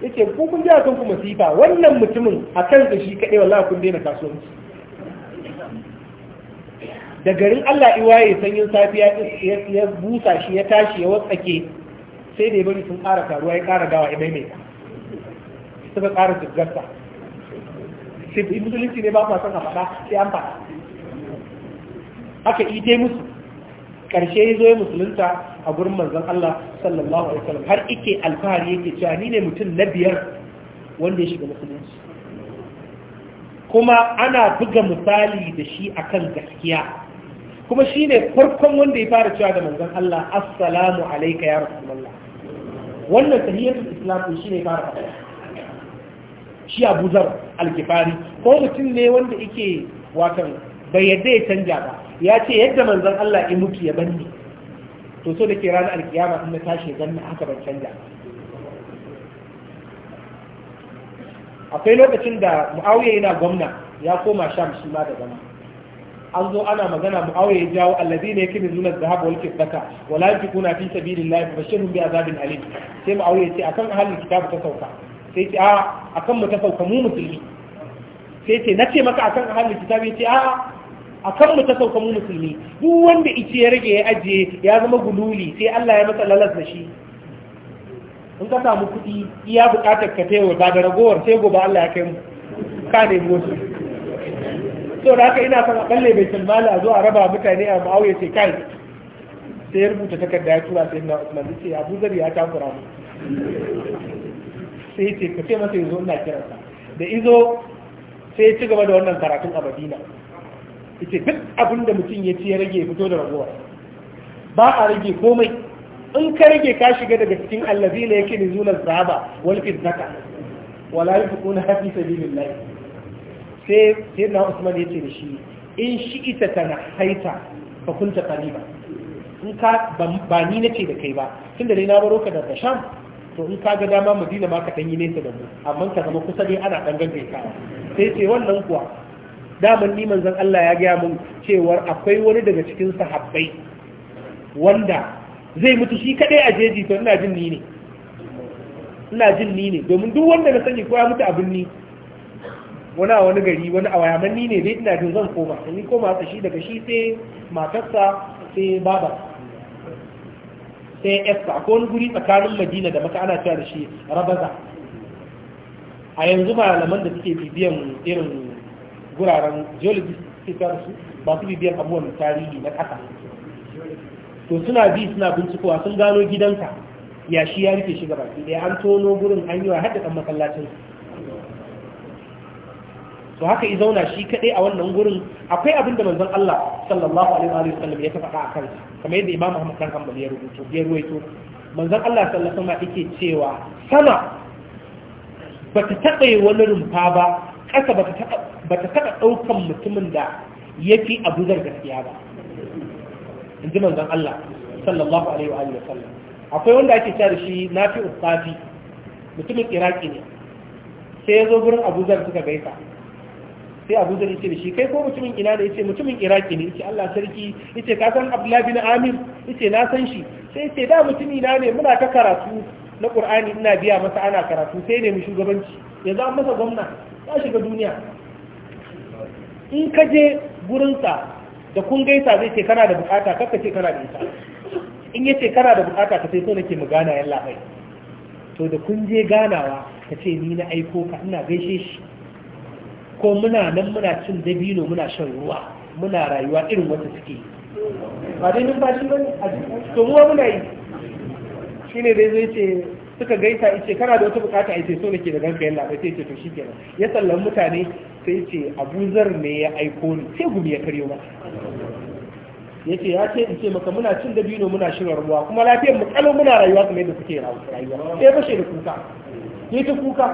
S1: ya ce kun ji a kanku masifa wannan mutumin a kan shi kaɗai wallahi kun daina kasuwanci da garin Allah iwaye sanyin safiya ya busa shi ya tashi ya wasake sai da ya bari sun ƙara taruwa ya ƙara dawa ya maimaita suka ƙara tuggarsa sai musulunci ne ba ku son a faɗa sai an faɗa haka ide musu ƙarshe ya zo ya musulunta a gurin manzon Allah sallallahu alaihi wasallam har ike alfahari yake cewa ni ne mutum na biyar wanda ya shiga musulunci kuma ana buga misali da shi akan gaskiya kuma shi ne farkon wanda ya fara cewa da manzon Allah assalamu alaika ya rasulullah wannan tahiyatul islam ne fara fara shi Abu Zar al ko mutum ne wanda yake watan bai yadda ya canja ba ya ce yadda manzon Allah ya mutu ya banne to so da ke ranar alkiyama in na tashi ganna haka ban canja akwai lokacin da Muawiya yana gwamna ya koma Sham shi ma da zama an zo ana magana muawiya ya jawo ne yake nuna zahab wal fiddaka wala yunfiquna fi sabilillahi fabashshirhum bi azabin alim sai muawiya ya ce akan ahlul kitab ta sauka sai ce a akan mu ta sauka mu musulmi sai ce nace maka akan ahlul kitab ya ce a akan mu ta sauka mu musulmi duk wanda ice ya rage ya ajiye ya zama gululi sai Allah ya masa lalas da shi in ka samu kuɗi iya buƙatar ka taiwa ba da ragowar sai gobe Allah ya kai mu ka nemi wasu da haka ina son a kalle bai tilmala a zo a raba mutane a ma'auya ce kai sai ya rubuta takarda ya tura sai na Usman ce Abu zari ya takura mu sai ce ka ce masa yanzu ina kiransa da izo sai ya ci gaba da wannan karatun a Madina yace duk abin da mutum ya ci ya rage fito da ragowa ba a rage komai in ka rage ka shiga daga cikin allazina yake nizulal zaba wal fizzaka wala yafquna fi sabilillah sai sayyidina Usman ya ce da shi in shi ita tana haita fa kunta qaliba in ka ba ni nace da kai ba tunda dai na baro ka da Basham to in ka ga dama Madina ma ka dan yi nesa da mu amma ka zama kusa dai ana dan gaggaita sai ce wannan kuwa daman ni manzon Allah ya gaya mun cewar akwai wani daga cikin sahabbai wanda zai mutu shi kaɗai a jeji to ina jin ni ne ina jin ni ne domin duk wanda na sani ko ya mutu abin ni wani a wani gari wani a wayamanni ne dai ina jin zan koma sai koma ta shi daga shi sai matarsa sai baba sai esta akwai wani guri tsakanin madina da maka ana cewa da shi rabaza a yanzu malaman da suke bibiyan irin guraren geology suke cewa da su bibiyan abubuwan tarihi na ƙasa to suna bi suna bincikowa sun gano gidanka shi ya rufe shi gaba ɗaya an tono gurin an yi wa haɗa ɗan masallacin to haka i zauna shi kaɗai a wannan gurin akwai abin da manzon Allah sallallahu alaihi wa sallam ya faɗa a kan kamar yadda Imam Ahmad kan hanbali ya rubuto ya ruwaito manzon Allah sallallahu alaihi wa sallam yake cewa sama bata taɓa yi wani rumfa ba ƙasa bata taɓa ɗaukan mutumin da ya fi abuzar gaskiya ba in ji manzon Allah sallallahu alaihi wa sallam akwai wanda ake cewa da shi nafi usafi mutumin iraki ne sai ya zo gurin abuzar suka gaisa sai abu zai ce da shi kai ko mutumin ina da yace mutumin iraki ne yace Allah sarki yace ka san abdullahi bin amir yace na san shi sai yace da mutumi na ne muna ta karatu na qur'ani ina biya masa ana karatu sai ne mu shugabanci yanzu an masa gwamna ya shiga duniya in ka je gurinsa da kun gaisa zai ce kana da bukata ka ce kana da ita in yace kana da bukata ka sai so nake mu gana yalla bai to da kun je ganawa ka ce ni na aiko ka ina gaishe shi ko muna nan muna cin dabino muna shan ruwa muna rayuwa irin wata suke
S2: ba dai numfashi
S1: ba ne a to muwa muna yi shi ne dai zai ce suka gaita ice kana da wata bukata a so nake da ganka yalla sai ce to shi kenan ya sallan mutane sai ce abuzar ne ya aiko ni sai gumi ya karyo ba ya ce ya ce in ce maka muna cin dabino muna shirin ruwa kuma lafiyar mu kalau muna rayuwa kamar yadda kuke rayuwa sai fashe da kuka ya ta kuka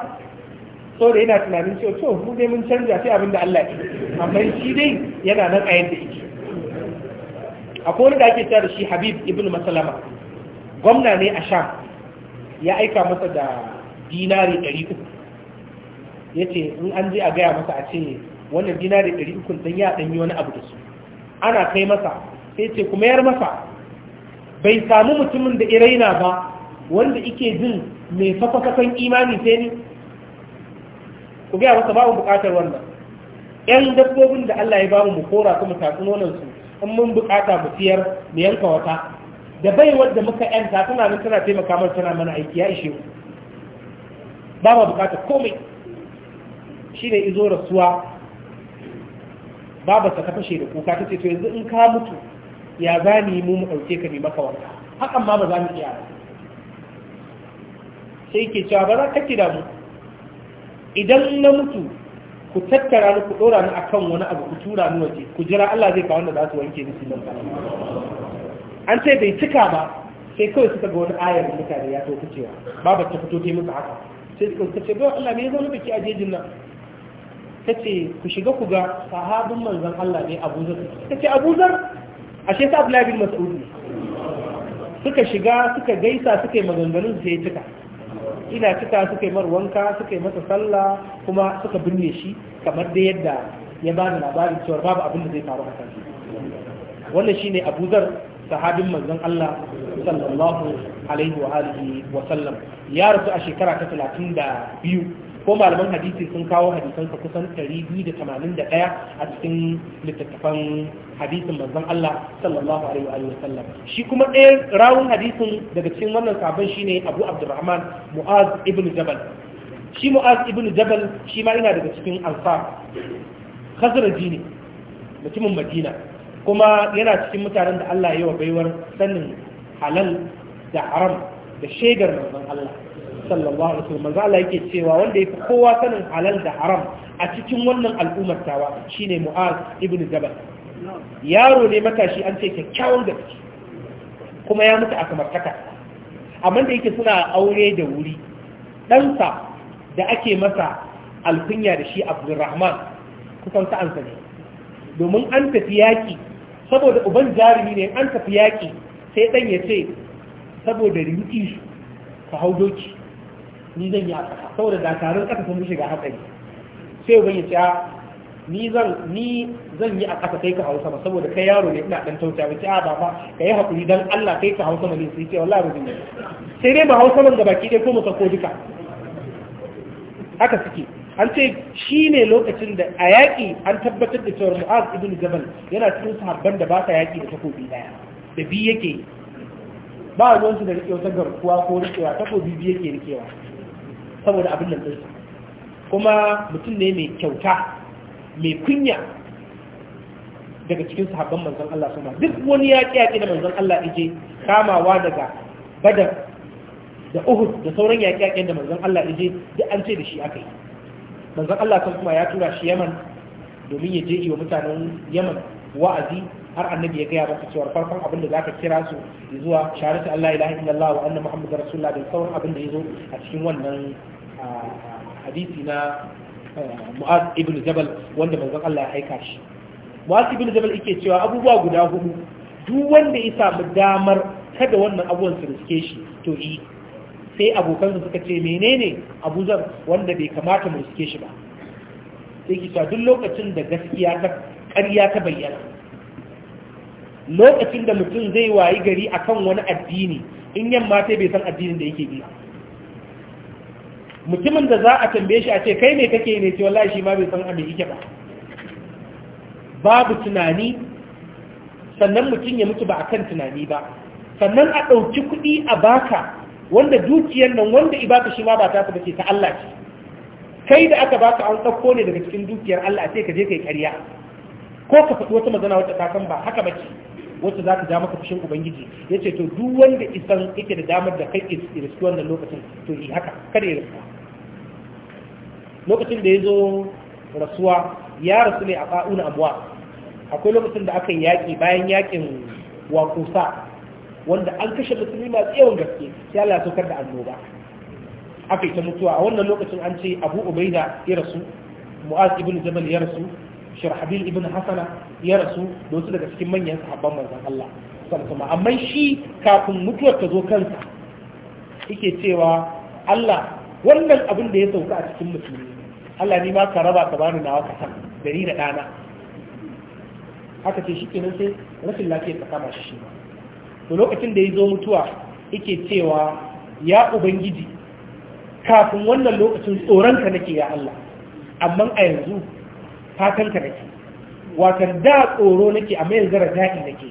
S1: so da yana tunanin cewa to mu dai mun canja sai abin da Allah ya amma shi dai yana nan a yadda yake akwai wani da ake cewa da shi Habib ibn Masalama gwamna ne a Sham ya aika masa da dinari 300 yace in an je a gaya masa a ce wannan dinari 300 dan ya dan yi wani abu da su ana kai masa sai ce kuma yar masa bai samu mutumin da iraina ba wanda ike jin mai fafafafan imani sai ni ku gaya masa babu buƙatar wannan yan dabbobin da Allah ya ba mu mu kora su mu tatsi su in mun bukata mu tiyar mu yanka wata da bai wadda muka yanta tana nan tana taimaka mana tana mana aiki ya ishe mu ba bukata komai shine izo rasuwa babarsa ta fashe da kuka ta ce to yanzu in ka mutu ya za ni mu mu dauke ka ne maka wanka hakan ma ba za mu iya ba sai ke cewa ba za ka ki damu idan na mutu ku tattara ni ku dora ni akan wani abu ku tura ni waje ku jira Allah zai kawo wanda za su wanke ni sunan an ce bai cika ba sai kawai suka ga wani ayar da mutane ya so cewa babu ta fito tai musu haka sai suka ce bai Allah ne ya zama biki a jejin nan ta ce ku shiga ku ga sahabin manzon Allah ne Abu Zar ta ce Abu Zar ashe sa Abdullahi bin Mas'ud suka shiga suka gaisa suka yi maganganun sai ya cika ina cika suka yi mar wanka suka yi masa sallah kuma suka binne shi kamar da yadda ya ba bani labarin cewa babu abin da zai faru a kansu wannan shine Abu Zar sahabin manzon Allah sallallahu alaihi wa alihi wa sallam ya rasu a shekara ta 32 ko malaman hadisi sun kawo hadisansa kusan 281 a cikin littattafan hadisin manzon Allah sallallahu alaihi wa sallam shi kuma ɗaya rawun hadisin daga cikin wannan sabon shine Abu Abdurrahman Mu'az ibn Jabal shi Mu'az ibn Jabal shi ma yana daga cikin ansar Khazraji ne mutumin Madina kuma yana cikin mutanen da Allah ya yi wa baiwar sanin halal da haram da shegar manzon Allah sallallahu alaihi wasallam Allah yake cewa wanda yafi kowa sanin halal da haram a cikin wannan al'ummar tawa shine Mu'az ibn Jabal yaro ne matashi an ce kyakkyawan gaske kuma ya mutu a kamartaka amma da yake suna aure da wuri ɗansa da ake masa alkunya da shi Abdulrahman kusan sa'ansa ne domin an tafi yaƙi saboda uban jarumi ne an tafi yaki sai ɗan ya ce saboda riƙi ka hau doki ni zan yi haka saboda dakarun ƙasa sun shiga hatsari sai ubangi ce ni zan ni zan yi a ƙasa kai ka hausa ma saboda kai yaro ne ina dan tauta ba ce a baba ka yi hakuri dan Allah kai ka hausa ma ne sai ce wallahi rubin ne sai dai ba hausa man ga baki dai ko musa ko duka haka suke an ce shi ne lokacin da a yaƙi an tabbatar da cewar mu'az ibn jabal yana cikin sahabban da ba sa yaƙi da takobi daya da biyu yake ba ruwansu da rikewa ta garkuwa ko rikewa takobi biyu yake rikewa saboda abin nan ɗinsa kuma mutum ne mai kyauta mai kunya daga cikin sahabban manzon Allah suna duk wani ya yaƙi da manzon Allah ije kamawa daga badar da uhud da sauran yaƙi da manzon Allah ije duk an ce da shi aka yi manzon Allah kan kuma ya tura shi yaman domin ya je yi wa mutanen yaman wa'azi har annabi ya gaya maka cewa farkon abin da zaka kira su zuwa shahadatu Allah ilaha illallah wa anna muhammadar rasulullah da sauran abin da yazo a cikin wannan hadisi na eh, Mu'az ibn Jabal wanda manzon Allah ya aika shi Mu'az ibn Jabal yake cewa abubuwa guda hudu duk wanda ya samu damar kada wannan abubuwan su riske shi to yi sai abokansa suka ce menene abuzar wanda bai kamata mu riske shi ba sai ki duk lokacin da gaskiya ta ƙarya ta bayyana lokacin da mutum zai wayi gari akan wani addini in yamma sai bai san addinin da yake bi mutumin da za a tambaye shi a ce kai me kake ne ce wallahi shi ma bai san abin yake ba babu tunani sannan mutum ya mutu ba akan tunani ba sannan a ɗauki kuɗi a baka wanda dukiyar nan wanda ibaka shi ma ba ta ba ce ta Allah ce kai da aka baka an ɗauko ne daga cikin dukiyar Allah ce ka je kai ƙarya ko ka faɗi wata magana wata ta san ba haka ba ce wacce za ta ja maka fushin ubangiji ya ce to duk wanda isan yake da damar da kai riski wannan lokacin to yi haka kada ya rasu lokacin da ya zo rasuwa ya rasu ne a fa'una abuwa akwai lokacin da aka yi yaƙi bayan yaƙin wakusa wanda an kashe musulmi masu yawan gaske sai Allah ya saukar da annoba aka yi ta mutuwa a wannan lokacin an ce Abu Ubaida ya rasu Mu'az ibn Jabal ya rasu shirhabil ibn hasana ya rasu da wasu daga cikin manyan sahabban manzon Allah sallallahu amma shi kafin mutuwar ta zo kansa yake cewa Allah wannan abin da ya sauka a cikin musulmi Allah ni ma ka raba ka bani nawa ka san da da dana haka ce shi kenan sai rashin lafiya ta kama shi to lokacin da ya zo mutuwa yake cewa ya ubangiji kafin wannan lokacin tsoronka nake ya Allah amma a yanzu Fatanta nake wato da tsoro nake amma yanzu raja'i nake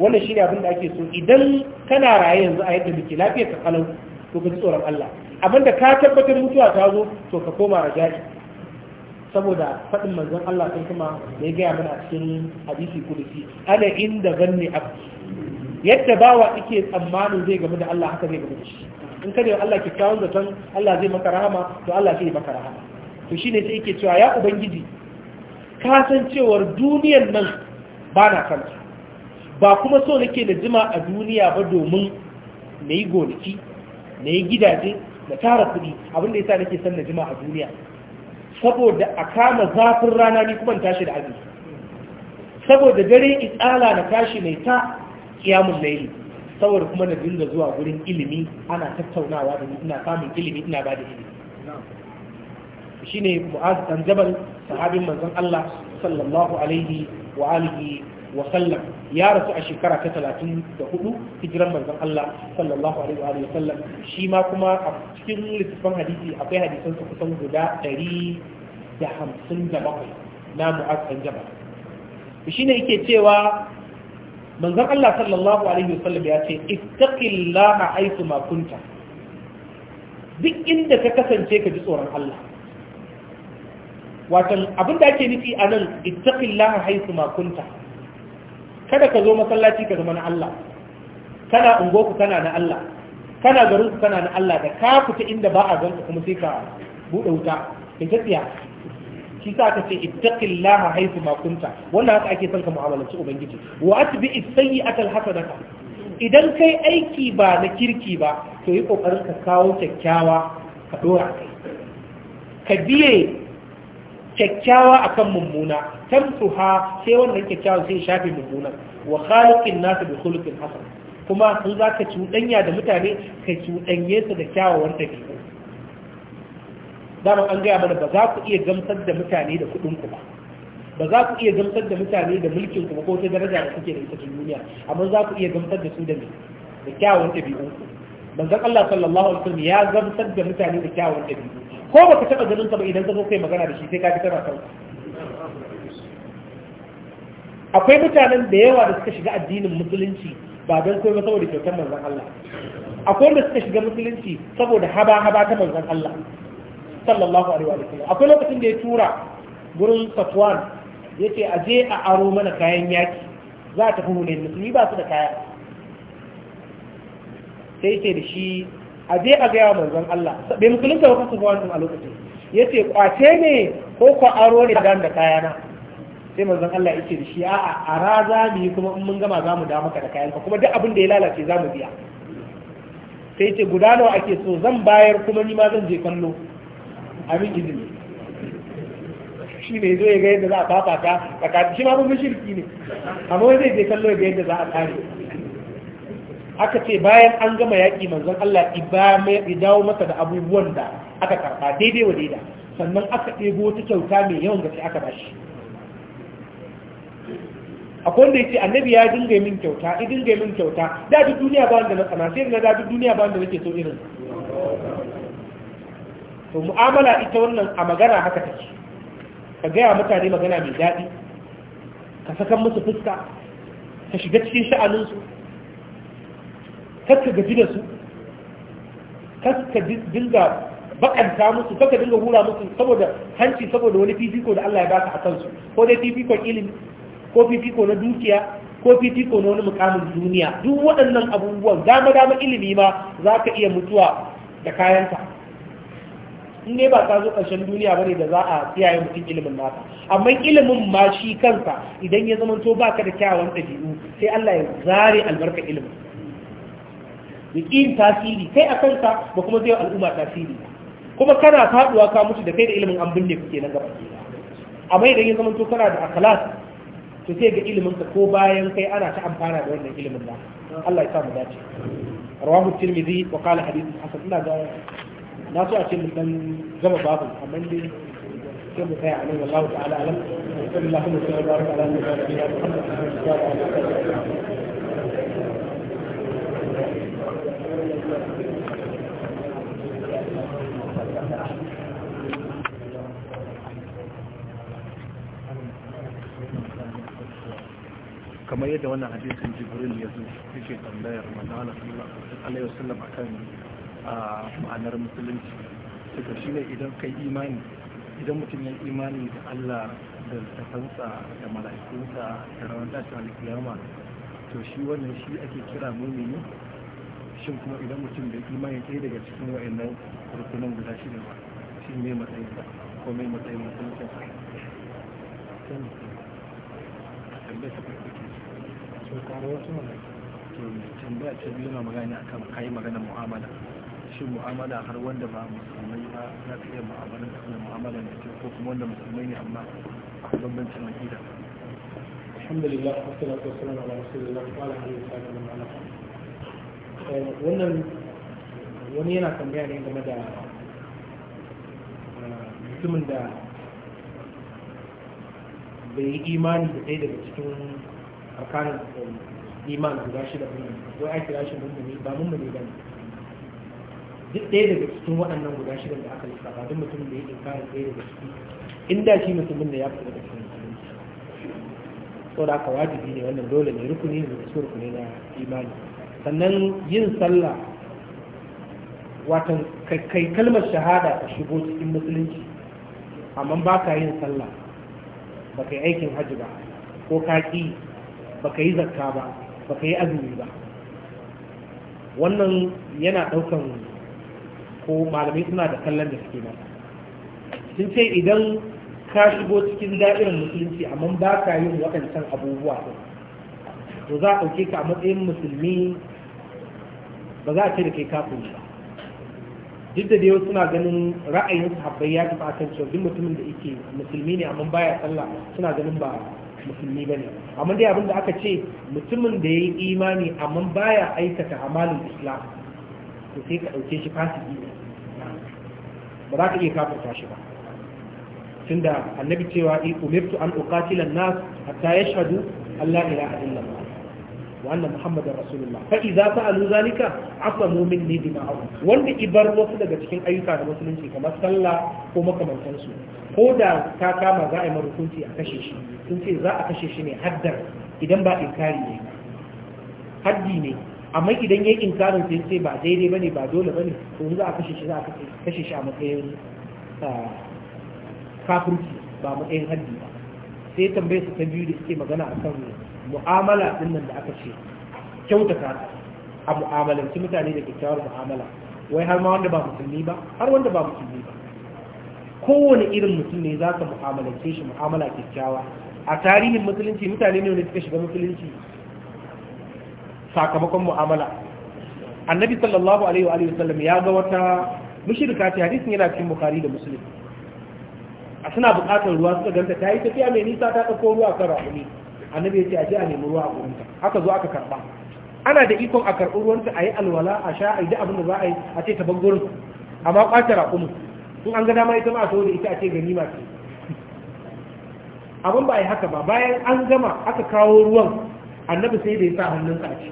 S1: wannan shine abin da ake so idan kana raye yanzu a yadda muke lafiyar ka kalau to ka tsoron Allah abin da ka tabbatar mutuwa ta zo to ka koma raja'i saboda faɗin manzon Allah sun kuma da ya gaya mana a cikin hadisi kudusi ana inda zanni abdi yadda bawa ake tsammanin zai gamu da Allah haka zai gamu da shi in ka wa Allah kyakkyawan zaton Allah zai maka rahama to Allah zai maka rahama to shine sai yake cewa ya ubangiji kasancewar duniyar nan ba na kanta ba kuma so nake da jima a duniya ba domin na yi gonaki na yi gidaje na tara kuɗi abinda ya sa nake son na jima a duniya saboda a kama zafin rana ni kuma tashi da azumi saboda dare itsala na tashi mai ta kiyamun laili saboda kuma na dinga zuwa gurin ilimi ana tattaunawa da ni, ina samun ilimi ina ba da ilimi shine mu'az dan jabal sahabin manzon Allah sallallahu alaihi wa alihi wa sallam ya rasu a shekara ta 34 hijiran manzon Allah sallallahu alaihi wa alihi wa sallam shi ma kuma a cikin littafin hadisi akwai hadisan su kusan guda 157 na mu'az dan jabal shine yake cewa manzon Allah sallallahu alaihi wa sallam ya ce ittaqillaha aituma kunta duk inda ka kasance ka ji tsoron Allah watan abin da ake nufi a nan ittaqillaha haythu ma kunta kada ka zo masallaci ka zama na Allah kana ungoku kana na Allah kana garin ku kana na Allah da ka fita inda ba a ganka kuma sai ka bude wuta in tafiya shi sa ka ce ittaqillaha haythu ma kunta wannan haka ake son ka mu'amalanci ubangiji wa atbi as-sayyi'ata al-hasanata idan kai aiki ba na kirki ba to yi kokarin ka kawo kyakkyawa ka dora kai ka biye kyakkyawa akan mummuna ha sai wannan kyakkyawa sai shafe mummuna wa khaliqin nas bi khuluqin hasan kuma sun zaka cuɗanya da mutane ka cuɗanye su da kyawawan dabi'u dama an gaya mana ba za ku iya gamsar da mutane da kuɗin ku ba ba za ku iya gamsar da mutane da mulkin ku ba ko ta daraja da kuke da ita cikin duniya amma za ku iya gamsar da su da me da kyawawan dabi'un ku manzon Allah sallallahu alaihi wasallam ya gamsar da mutane da kyawawan dabi'u ko ka taɓa ganin sa ba idan ka zo kai magana da shi sai ka ji kana sauka akwai mutanen da yawa da suka shiga addinin musulunci ba don kai ba saboda kyautar manzon Allah akwai wanda suka shiga musulunci saboda haba haba ta manzon Allah sallallahu alaihi wa sallam akwai lokacin da ya tura gurin Safwan yace a je a aro mana kayan yaki za ta tafi ne musulmi ba su da kaya sai ce da shi a je a gaya manzon Allah bai musulunta ba kasu bawan a lokacin ya ce kwace ne ko ko aro ne da da kayana sai manzon Allah ya ce da shi a'a a ra za mu yi kuma in mun gama za mu da maka da kayanka kuma duk abin da ya lalace za mu biya sai ce guda nawa ake so zan bayar kuma ni ma zan je kallo min izini shi ne zo ya ga yadda za a fafata tsakanin shi ma mun shirki ne amma zai je kallo ya ga yadda za a tsare aka ce bayan an gama yaƙi manzon Allah ya dawo masa da abubuwan da aka karɓa daidai wa daida sannan aka ɗebo wata kyauta mai yawan gaske aka bashi akwai wanda ya ce annabi ya dinga min kyauta ya dinga min kyauta da duk duniya ba wanda na tsana sai na da duk duniya ba wanda nake so irin to mu'amala ita wannan a magana haka take ka gaya mutane magana mai daɗi ka sakan musu fuska ka shiga cikin sha'aninsu kaka gaji da su kaka dinga bakanta musu kaka dinga hura musu saboda hanci saboda wani fifiko da Allah ya baka a kansu ko dai fifikon ilimi ko fifiko na dukiya ko fifiko na wani mukamin duniya duk waɗannan abubuwan dama dama ilimi ma za ka iya mutuwa da kayanka in ne ba ta zo ƙarshen duniya ba ne da za a kiyaye mutum ilimin nata amma ilimin ma shi kansa idan ya to baka da kyawawan ɗabi'u sai Allah ya zare albarka ilimin da tasiri kai a kanka ba kuma zai al'umma tasiri kuma kana faduwa ka mutu da kai da ilimin an binne kuke na gaba amma idan ya zama to kana da akalas to sai ga ilimin ka ko bayan kai ana ta amfana da wannan ilimin da Allah ya sa mu dace rawahu tirmidhi wa qala hadith hasan ina ga na so a ce mun dan gaba babu amma ne sai mu kai alai wallahu ta'ala alam
S3: sallallahu alaihi wa sallam kamar yadda wannan hadisin jibril ya zo ke tambayar manzana sallallahu alaihi wasallam akan ma'anar musulunci shi ne idan kai imani idan mutum ya imani da Allah da tafansa da mala'ikunsa da rawar tashin alkiyama to shi wannan shi ake kira mumini shin kuma idan mutum da imani ɗaya daga cikin wa'annan rukunan guda ne ba shi ne matsayin ba ko mai matsayin musuluncinsa tambaya ta biyu na magana akan kai magana mu'amala shi mu'amala har wanda ba musulmai ba za ta iya da mu'amala da ke ko kuma wanda musulmai ne amma bambancin akida alhamdulillah wassalatu wassalamu ala rasulillah wa ala alihi wa sahbihi wa ala
S1: eh, wannan wani yana tambaya ne game da eh, mutumin da bai yi imani da ɗaya daga cikin arkanin iman guda shida ne, wai aiki rashin shi mummuni ba mummuni ba ne duk ɗaya daga cikin waɗannan guda shida da aka lissafa duk mutumin da ya inkarin ɗaya daga ciki in da shi mutumin da ya fita daga cikin musulunci saboda haka wajibi ne wannan dole ne rukuni ne da rukuni na imani sannan yin sallah watan kai kalmar shahada ta shigo cikin musulunci amma ba ka yin sallah ba kai aikin hajji ba ko ka ƙi baka yi zakka ba baka yi azumi ba wannan yana ɗaukan ko malamai suna da kallon da suke masa sun ce idan ka shigo cikin da'irar musulunci amma ba ka yin waɗancan abubuwa ɗin to za a ɗauke ka a matsayin musulmi ba za a ce da kai kafin ba duk da dai suna ganin ra'ayin sahabbai ya tafi kan cewa duk mutumin da yake musulmi ne amma baya sallah suna ganin ba musulmi ba ne amma dai abin da aka ce mutumin da ya yi imani amma baya aikata amalin islam to sai ka ɗauke shi fasiki ne ba za ka iya kafarta shi ba tunda annabi cewa umirtu an uqatila nas hatta yashhadu an la ilaha illallah wa anna muhammadar rasulullah fa idza fa'alu zalika ne minni dima'ahum wanda ibar wasu daga cikin ayyuka da musulunci kamar sallah ko makamantansu ko da ta kama za a yi marukunci a kashe shi sun ce za a kashe shi ne haddar idan ba inkari ne haddi ne amma idan ya yi inkarin sai sai ba daidai bane ba dole bane to za a kashe shi za a kashe shi a matsayin ah, kafirci ba matsayin haddi ba sai tambaye su ta biyu da suke magana a kan mu'amala din nan da aka ce kyautata a mu'amalanci mutane da kyakkyawar mu'amala wai har ma wanda ba musulmi ba har wanda ba musulmi ba kowane irin mutum ne za ka mu'amalance shi mu'amala kyakkyawa a tarihin musulunci mutane ne wani suka shiga musulunci sakamakon mu'amala annabi sallallahu alaihi wa sallam ya ga wata mushirka ta hadisin yana cikin bukhari da muslim a suna buƙatar ruwa suka ganta ta yi tafiya mai nisa ta ɗauko ruwa kan raƙumi annabi ya ce a je a nemi ruwa a gurinta aka zo aka karɓa ana da ikon a karɓi ruwanta a yi alwala a sha a yi da abin da za a yi a ce ta bangon amma ƙwace raƙumin in an ga dama ita ma a da ita a ce ma ce abin ba a yi haka ba bayan an gama aka kawo ruwan annabi sai da ya sa hannun a ce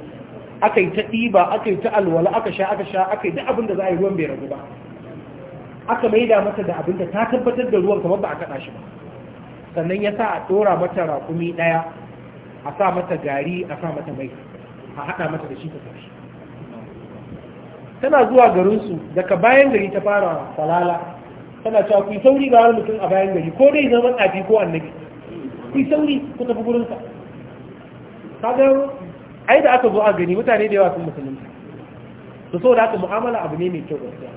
S1: aka yi ta ɗiba aka yi ta alwala aka sha aka sha aka yi duk abin da za a yi ruwan bai ragu ba aka maida mata da da ta tabbatar da ruwan kamar ba a kaɗa shi ba sannan ya sa a ɗora mata raƙumi ɗaya a sa mata gari a sa mata mai a haɗa mata da shi ta tashi tana zuwa garinsu daga bayan gari ta fara falala tana cewa ku sauri ga wani mutum a bayan gari ko dai zama tsafi ko annabi ku sauri ku tafi gurinsa kaga ai da aka zo a gani mutane da yawa sun musulunci to so da aka mu'amala abu ne mai kyau gaskiya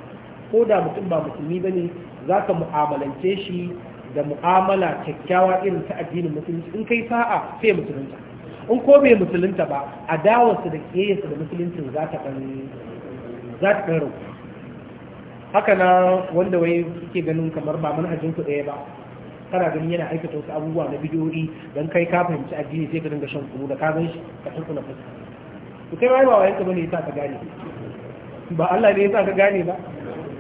S1: ko da mutum ba musulmi bane zaka mu'amalance shi da mu'amala kyakkyawa irin ta addinin musulunci in kai sa'a sai musulunta in ko bai musulunta ba adawarsa da kiyayensa da musuluncin za ta ɗan za ta haka na wanda wai suke ganin kamar ba manhajin ku ɗaya ba kana ganin yana aikata wasu abubuwa na bidiyoyi dan kai ka fahimci addini sai ka dinga shan kuru da ka gan shi ka tukuna fuska to kai rayuwa wayanka bane yasa ka gane ba Allah ne yasa ka gane ba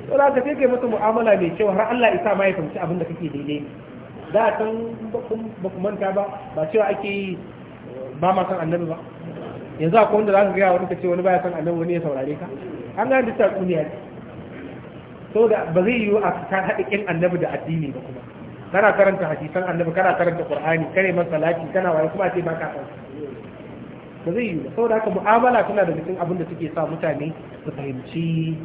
S1: to za ka sai kai masa mu'amala mai kyau har Allah isa ma ya fahimci abin da kake daidai da kan ba ku manta ba ba cewa ake yi ba ma san annabi ba yanzu akwai wanda za ka gaya wani ka ce wani baya san annabi wani ya saurare ka an gane duk tatsuniya ne saboda ba zai yiwu a ka haɗa annabi da addini ba kuma kana karanta hadisan annabi kana karanta qur'ani kare masalati kana waye kuma ce baka san ba zai yiwu saboda haka mu'amala tana da cikin abin da suke sa mutane su fahimci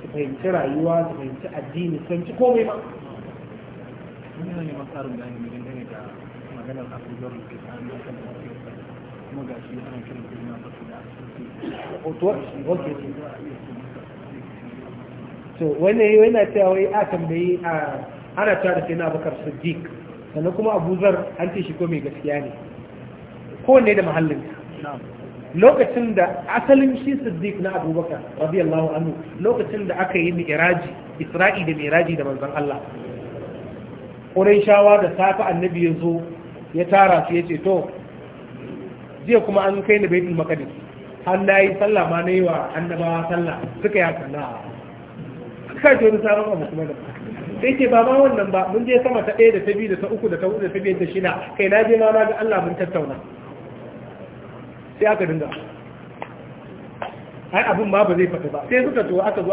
S1: su fahimci rayuwa su fahimci addini su fahimci komai ma
S3: ne da ne dangane da maganar ba
S1: to wani yana cewa wai a tambayi a ana cewa da sai na bakar siddiq sannan kuma abuzar an ce shi ko mai gaskiya ne Ko ne da mahallin lokacin da asalin shi Sadiq na abubakar radiyallahu anhu lokacin da aka yi mi'raji isra'i da mi'raji da manzon Allah shawa da safa annabi ya zo ya tara su ya ce to jiya kuma an kai ni baitul maqdis har na yi sallah ma na yi wa annabawa sallah suka yi haka ka ji wani sabon abu kuma da sai ke ba ma wannan ba mun je sama ta ɗaya da ta biyu da ta uku da ta hudu da ta biyar da shida kai na je ma na ga Allah mun tattauna sai aka dinga ai abun ma ba zai fata ba sai suka tuwa aka zo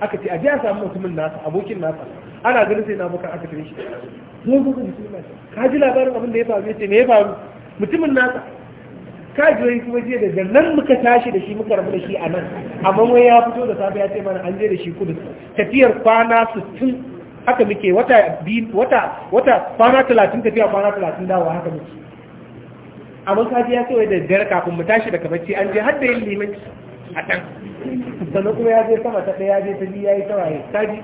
S1: aka ce a ji a samu mutumin nasa abokin nasa ana ganin sai na bukar aka tare shi zo zo ga mutumin nasa ka ji labarin abin da ya faru ya ce me ya faru mutumin nasa ka ji wani kuma jiya da nan muka tashi da shi muka rabu da shi a nan amma wai ya fito da safe ya ce mana an je da shi kudu tafiyar kwana 60 haka muke wata wata wata kwana 30 tafiya kwana 30 dawo haka muke amma kaji ya ce da dare kafin mu tashi daga bacci an je har da yin limanci a dan Sannu kuma ya je sama ta ɗaya ya je ta biyu ya yi tawaye ji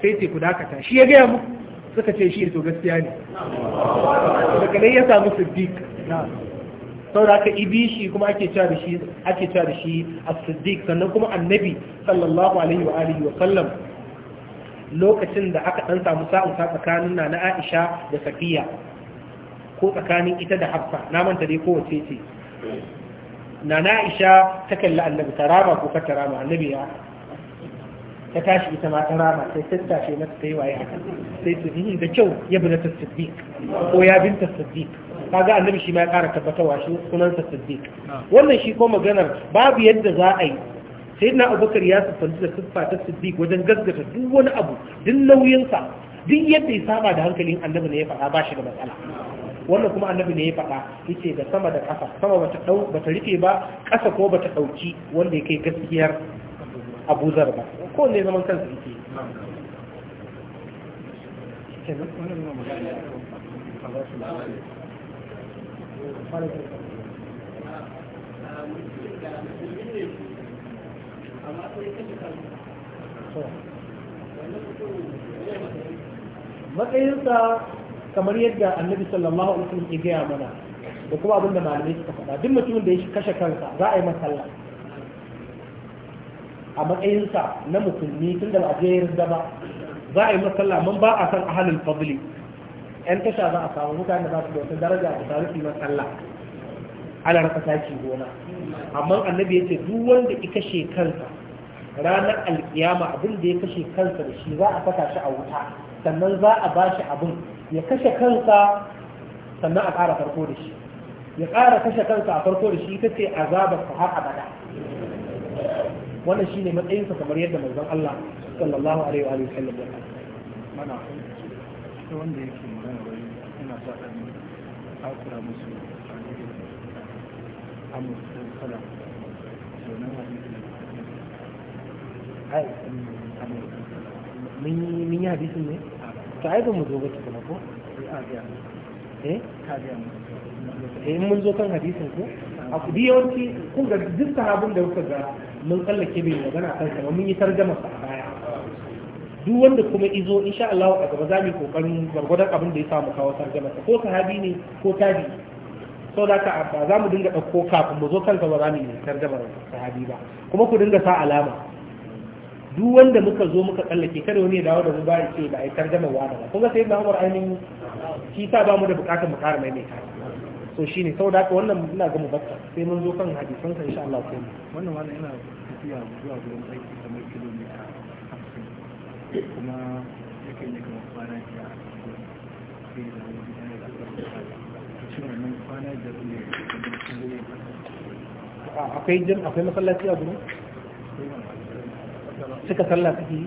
S1: sai ce ku dakata shi ya gaya muku suka ce shi to gaskiya ne daga nan ya samu siddiq saboda haka ibi shi kuma ake cewa da shi ake cewa da shi as-siddiq sannan kuma annabi sallallahu alaihi wa alihi wa sallam lokacin da aka dan samu sa'un ta tsakanin na na Aisha da Safiya ko tsakanin ita da Hafsa na manta dai kowace ce na na Aisha ta kalli annabi tarama ko ka tarama, annabi ya ta tashi ita ma ta rama sai tattace mata sai waye haka sai su hmm, da kyau ya bi na tasdiq ko ya binta tasdiq kaga annabi shi ma ya ƙara tabbatarwa shi sunansa siddiq wannan shi ko maganar babu yadda za a yi sayyidina abubakar ya siffanci da siffa ta siddiq wajen gaskata duk wani abu duk nauyinsa duk yadda ya saba da hankalin annabi ne ya faɗa ba shi da matsala wannan kuma annabi ne ya faɗa yace da sama da ƙasa sama bata dau bata rike ba ƙasa ko bata dauki wanda yake gaskiyar Abu Zar ba ko ne zaman kansa yake you. matsayinsa kamar yadda annabi sallallahu alaihi wasallam ya gaya mana da kuma abinda malamai suka faɗa duk mutumin da ya kashe kansa za a yi masalla a matsayinsa na musulmi tun da ba a je ba za a yi masalla man ba a san ahalin fadli yan tasha za a samu mutane za su da wata daraja a taru su Allah sallah ana rasa taki gona amma annabi ya ce duk wanda ya kashe kansa ranar alkiyama abin da ya kashe kansa da shi za a saka shi a wuta sannan za a ba shi abin ya kashe kansa sannan a ƙara farko da shi ya ƙara kashe kansa a farko da shi ita ce azabar sa har abada wannan shine matsayinsa kamar yadda manzon Allah sallallahu alaihi wa sallam ya
S3: mana ta wanda yake magana wai yana sa ɗan takura musu a cikin amurka kala sunan hadisi ai
S1: mun yi hadisin ne to ai ba mu zo ba tukuna ko eh eh? eh mun zo kan hadisin ko a kudi yawanci kun ga duk sahabin da kuka ga mun tsallake bai magana kan sa mun yi tarjama sa duk wanda kuma izo insha Allah a gaba zamu kokarin gargwadon abin da ya samu kawo tarjama ko sahabi ne ko tabi so da ka ba za mu dinga ɗauko kafin mu zo kan gaba zamu mu yi tarjama sahabi ba kuma ku dinga sa alama duk wanda muka zo muka tsallake kada wani ya dawo da ruba ya ce da a tarjama wa da kuma kun ga sai da Umar ainihin shi ta ba mu da bukatar mu mai maimaita so shine saboda haka wannan ina ga mu bakka sai mun zo kan hadisan sa insha
S3: Allah sai wannan wannan ina tafiya zuwa gurin aiki kamar kuma yakan ne
S1: akwai masallaci a suka sallah eh.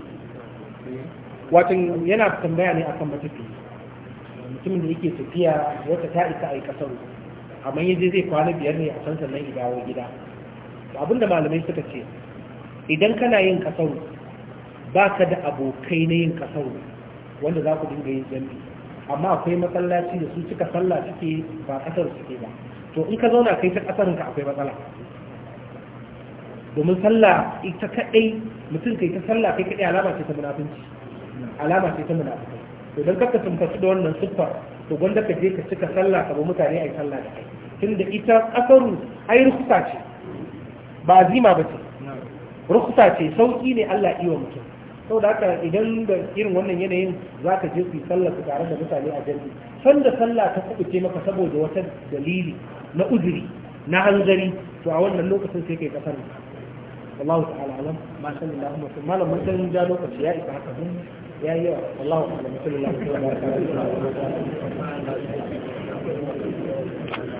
S1: watan yana tambaya ne akan matafi mutumin da yake tafiya wata ta isa a yi kasar amma zai kwana biyar ne a can sannan ya gida abinda malamai suka ce idan kana yin kasar ba ka da abokai na yin kasar wanda za ku dinga yin jambi amma akwai masallaci da su cika sallah suke ba kasar suke ba to in ka zauna kai ta kasarin ka akwai matsala domin sallah ita kadai mutum kai ta sallah kai kadai alama ce ta munafunci alama ce ta munafunci to dan kaka fasu da wannan siffa, to gwanda ka je ka cika sallah ka ba mutane yi sallah da kai tunda ita kasaru ai rukusa ce ba azima ba ce rukusa ce sauki ne Allah iya mutum sau da haka idan da irin wannan yanayin za ka je su yi sallar su tare da mutane a san sanda sallah ta kuɓuce maka saboda wata dalili na uzuri na hanzari to a wannan lokacin sai kai kasar wallahu ta'ala alam ma sallallahu alaihi malam mun san ja lokaci ya isa haka dun ya yi yawa wallahu ta'ala sallallahu alaihi
S2: wa sallam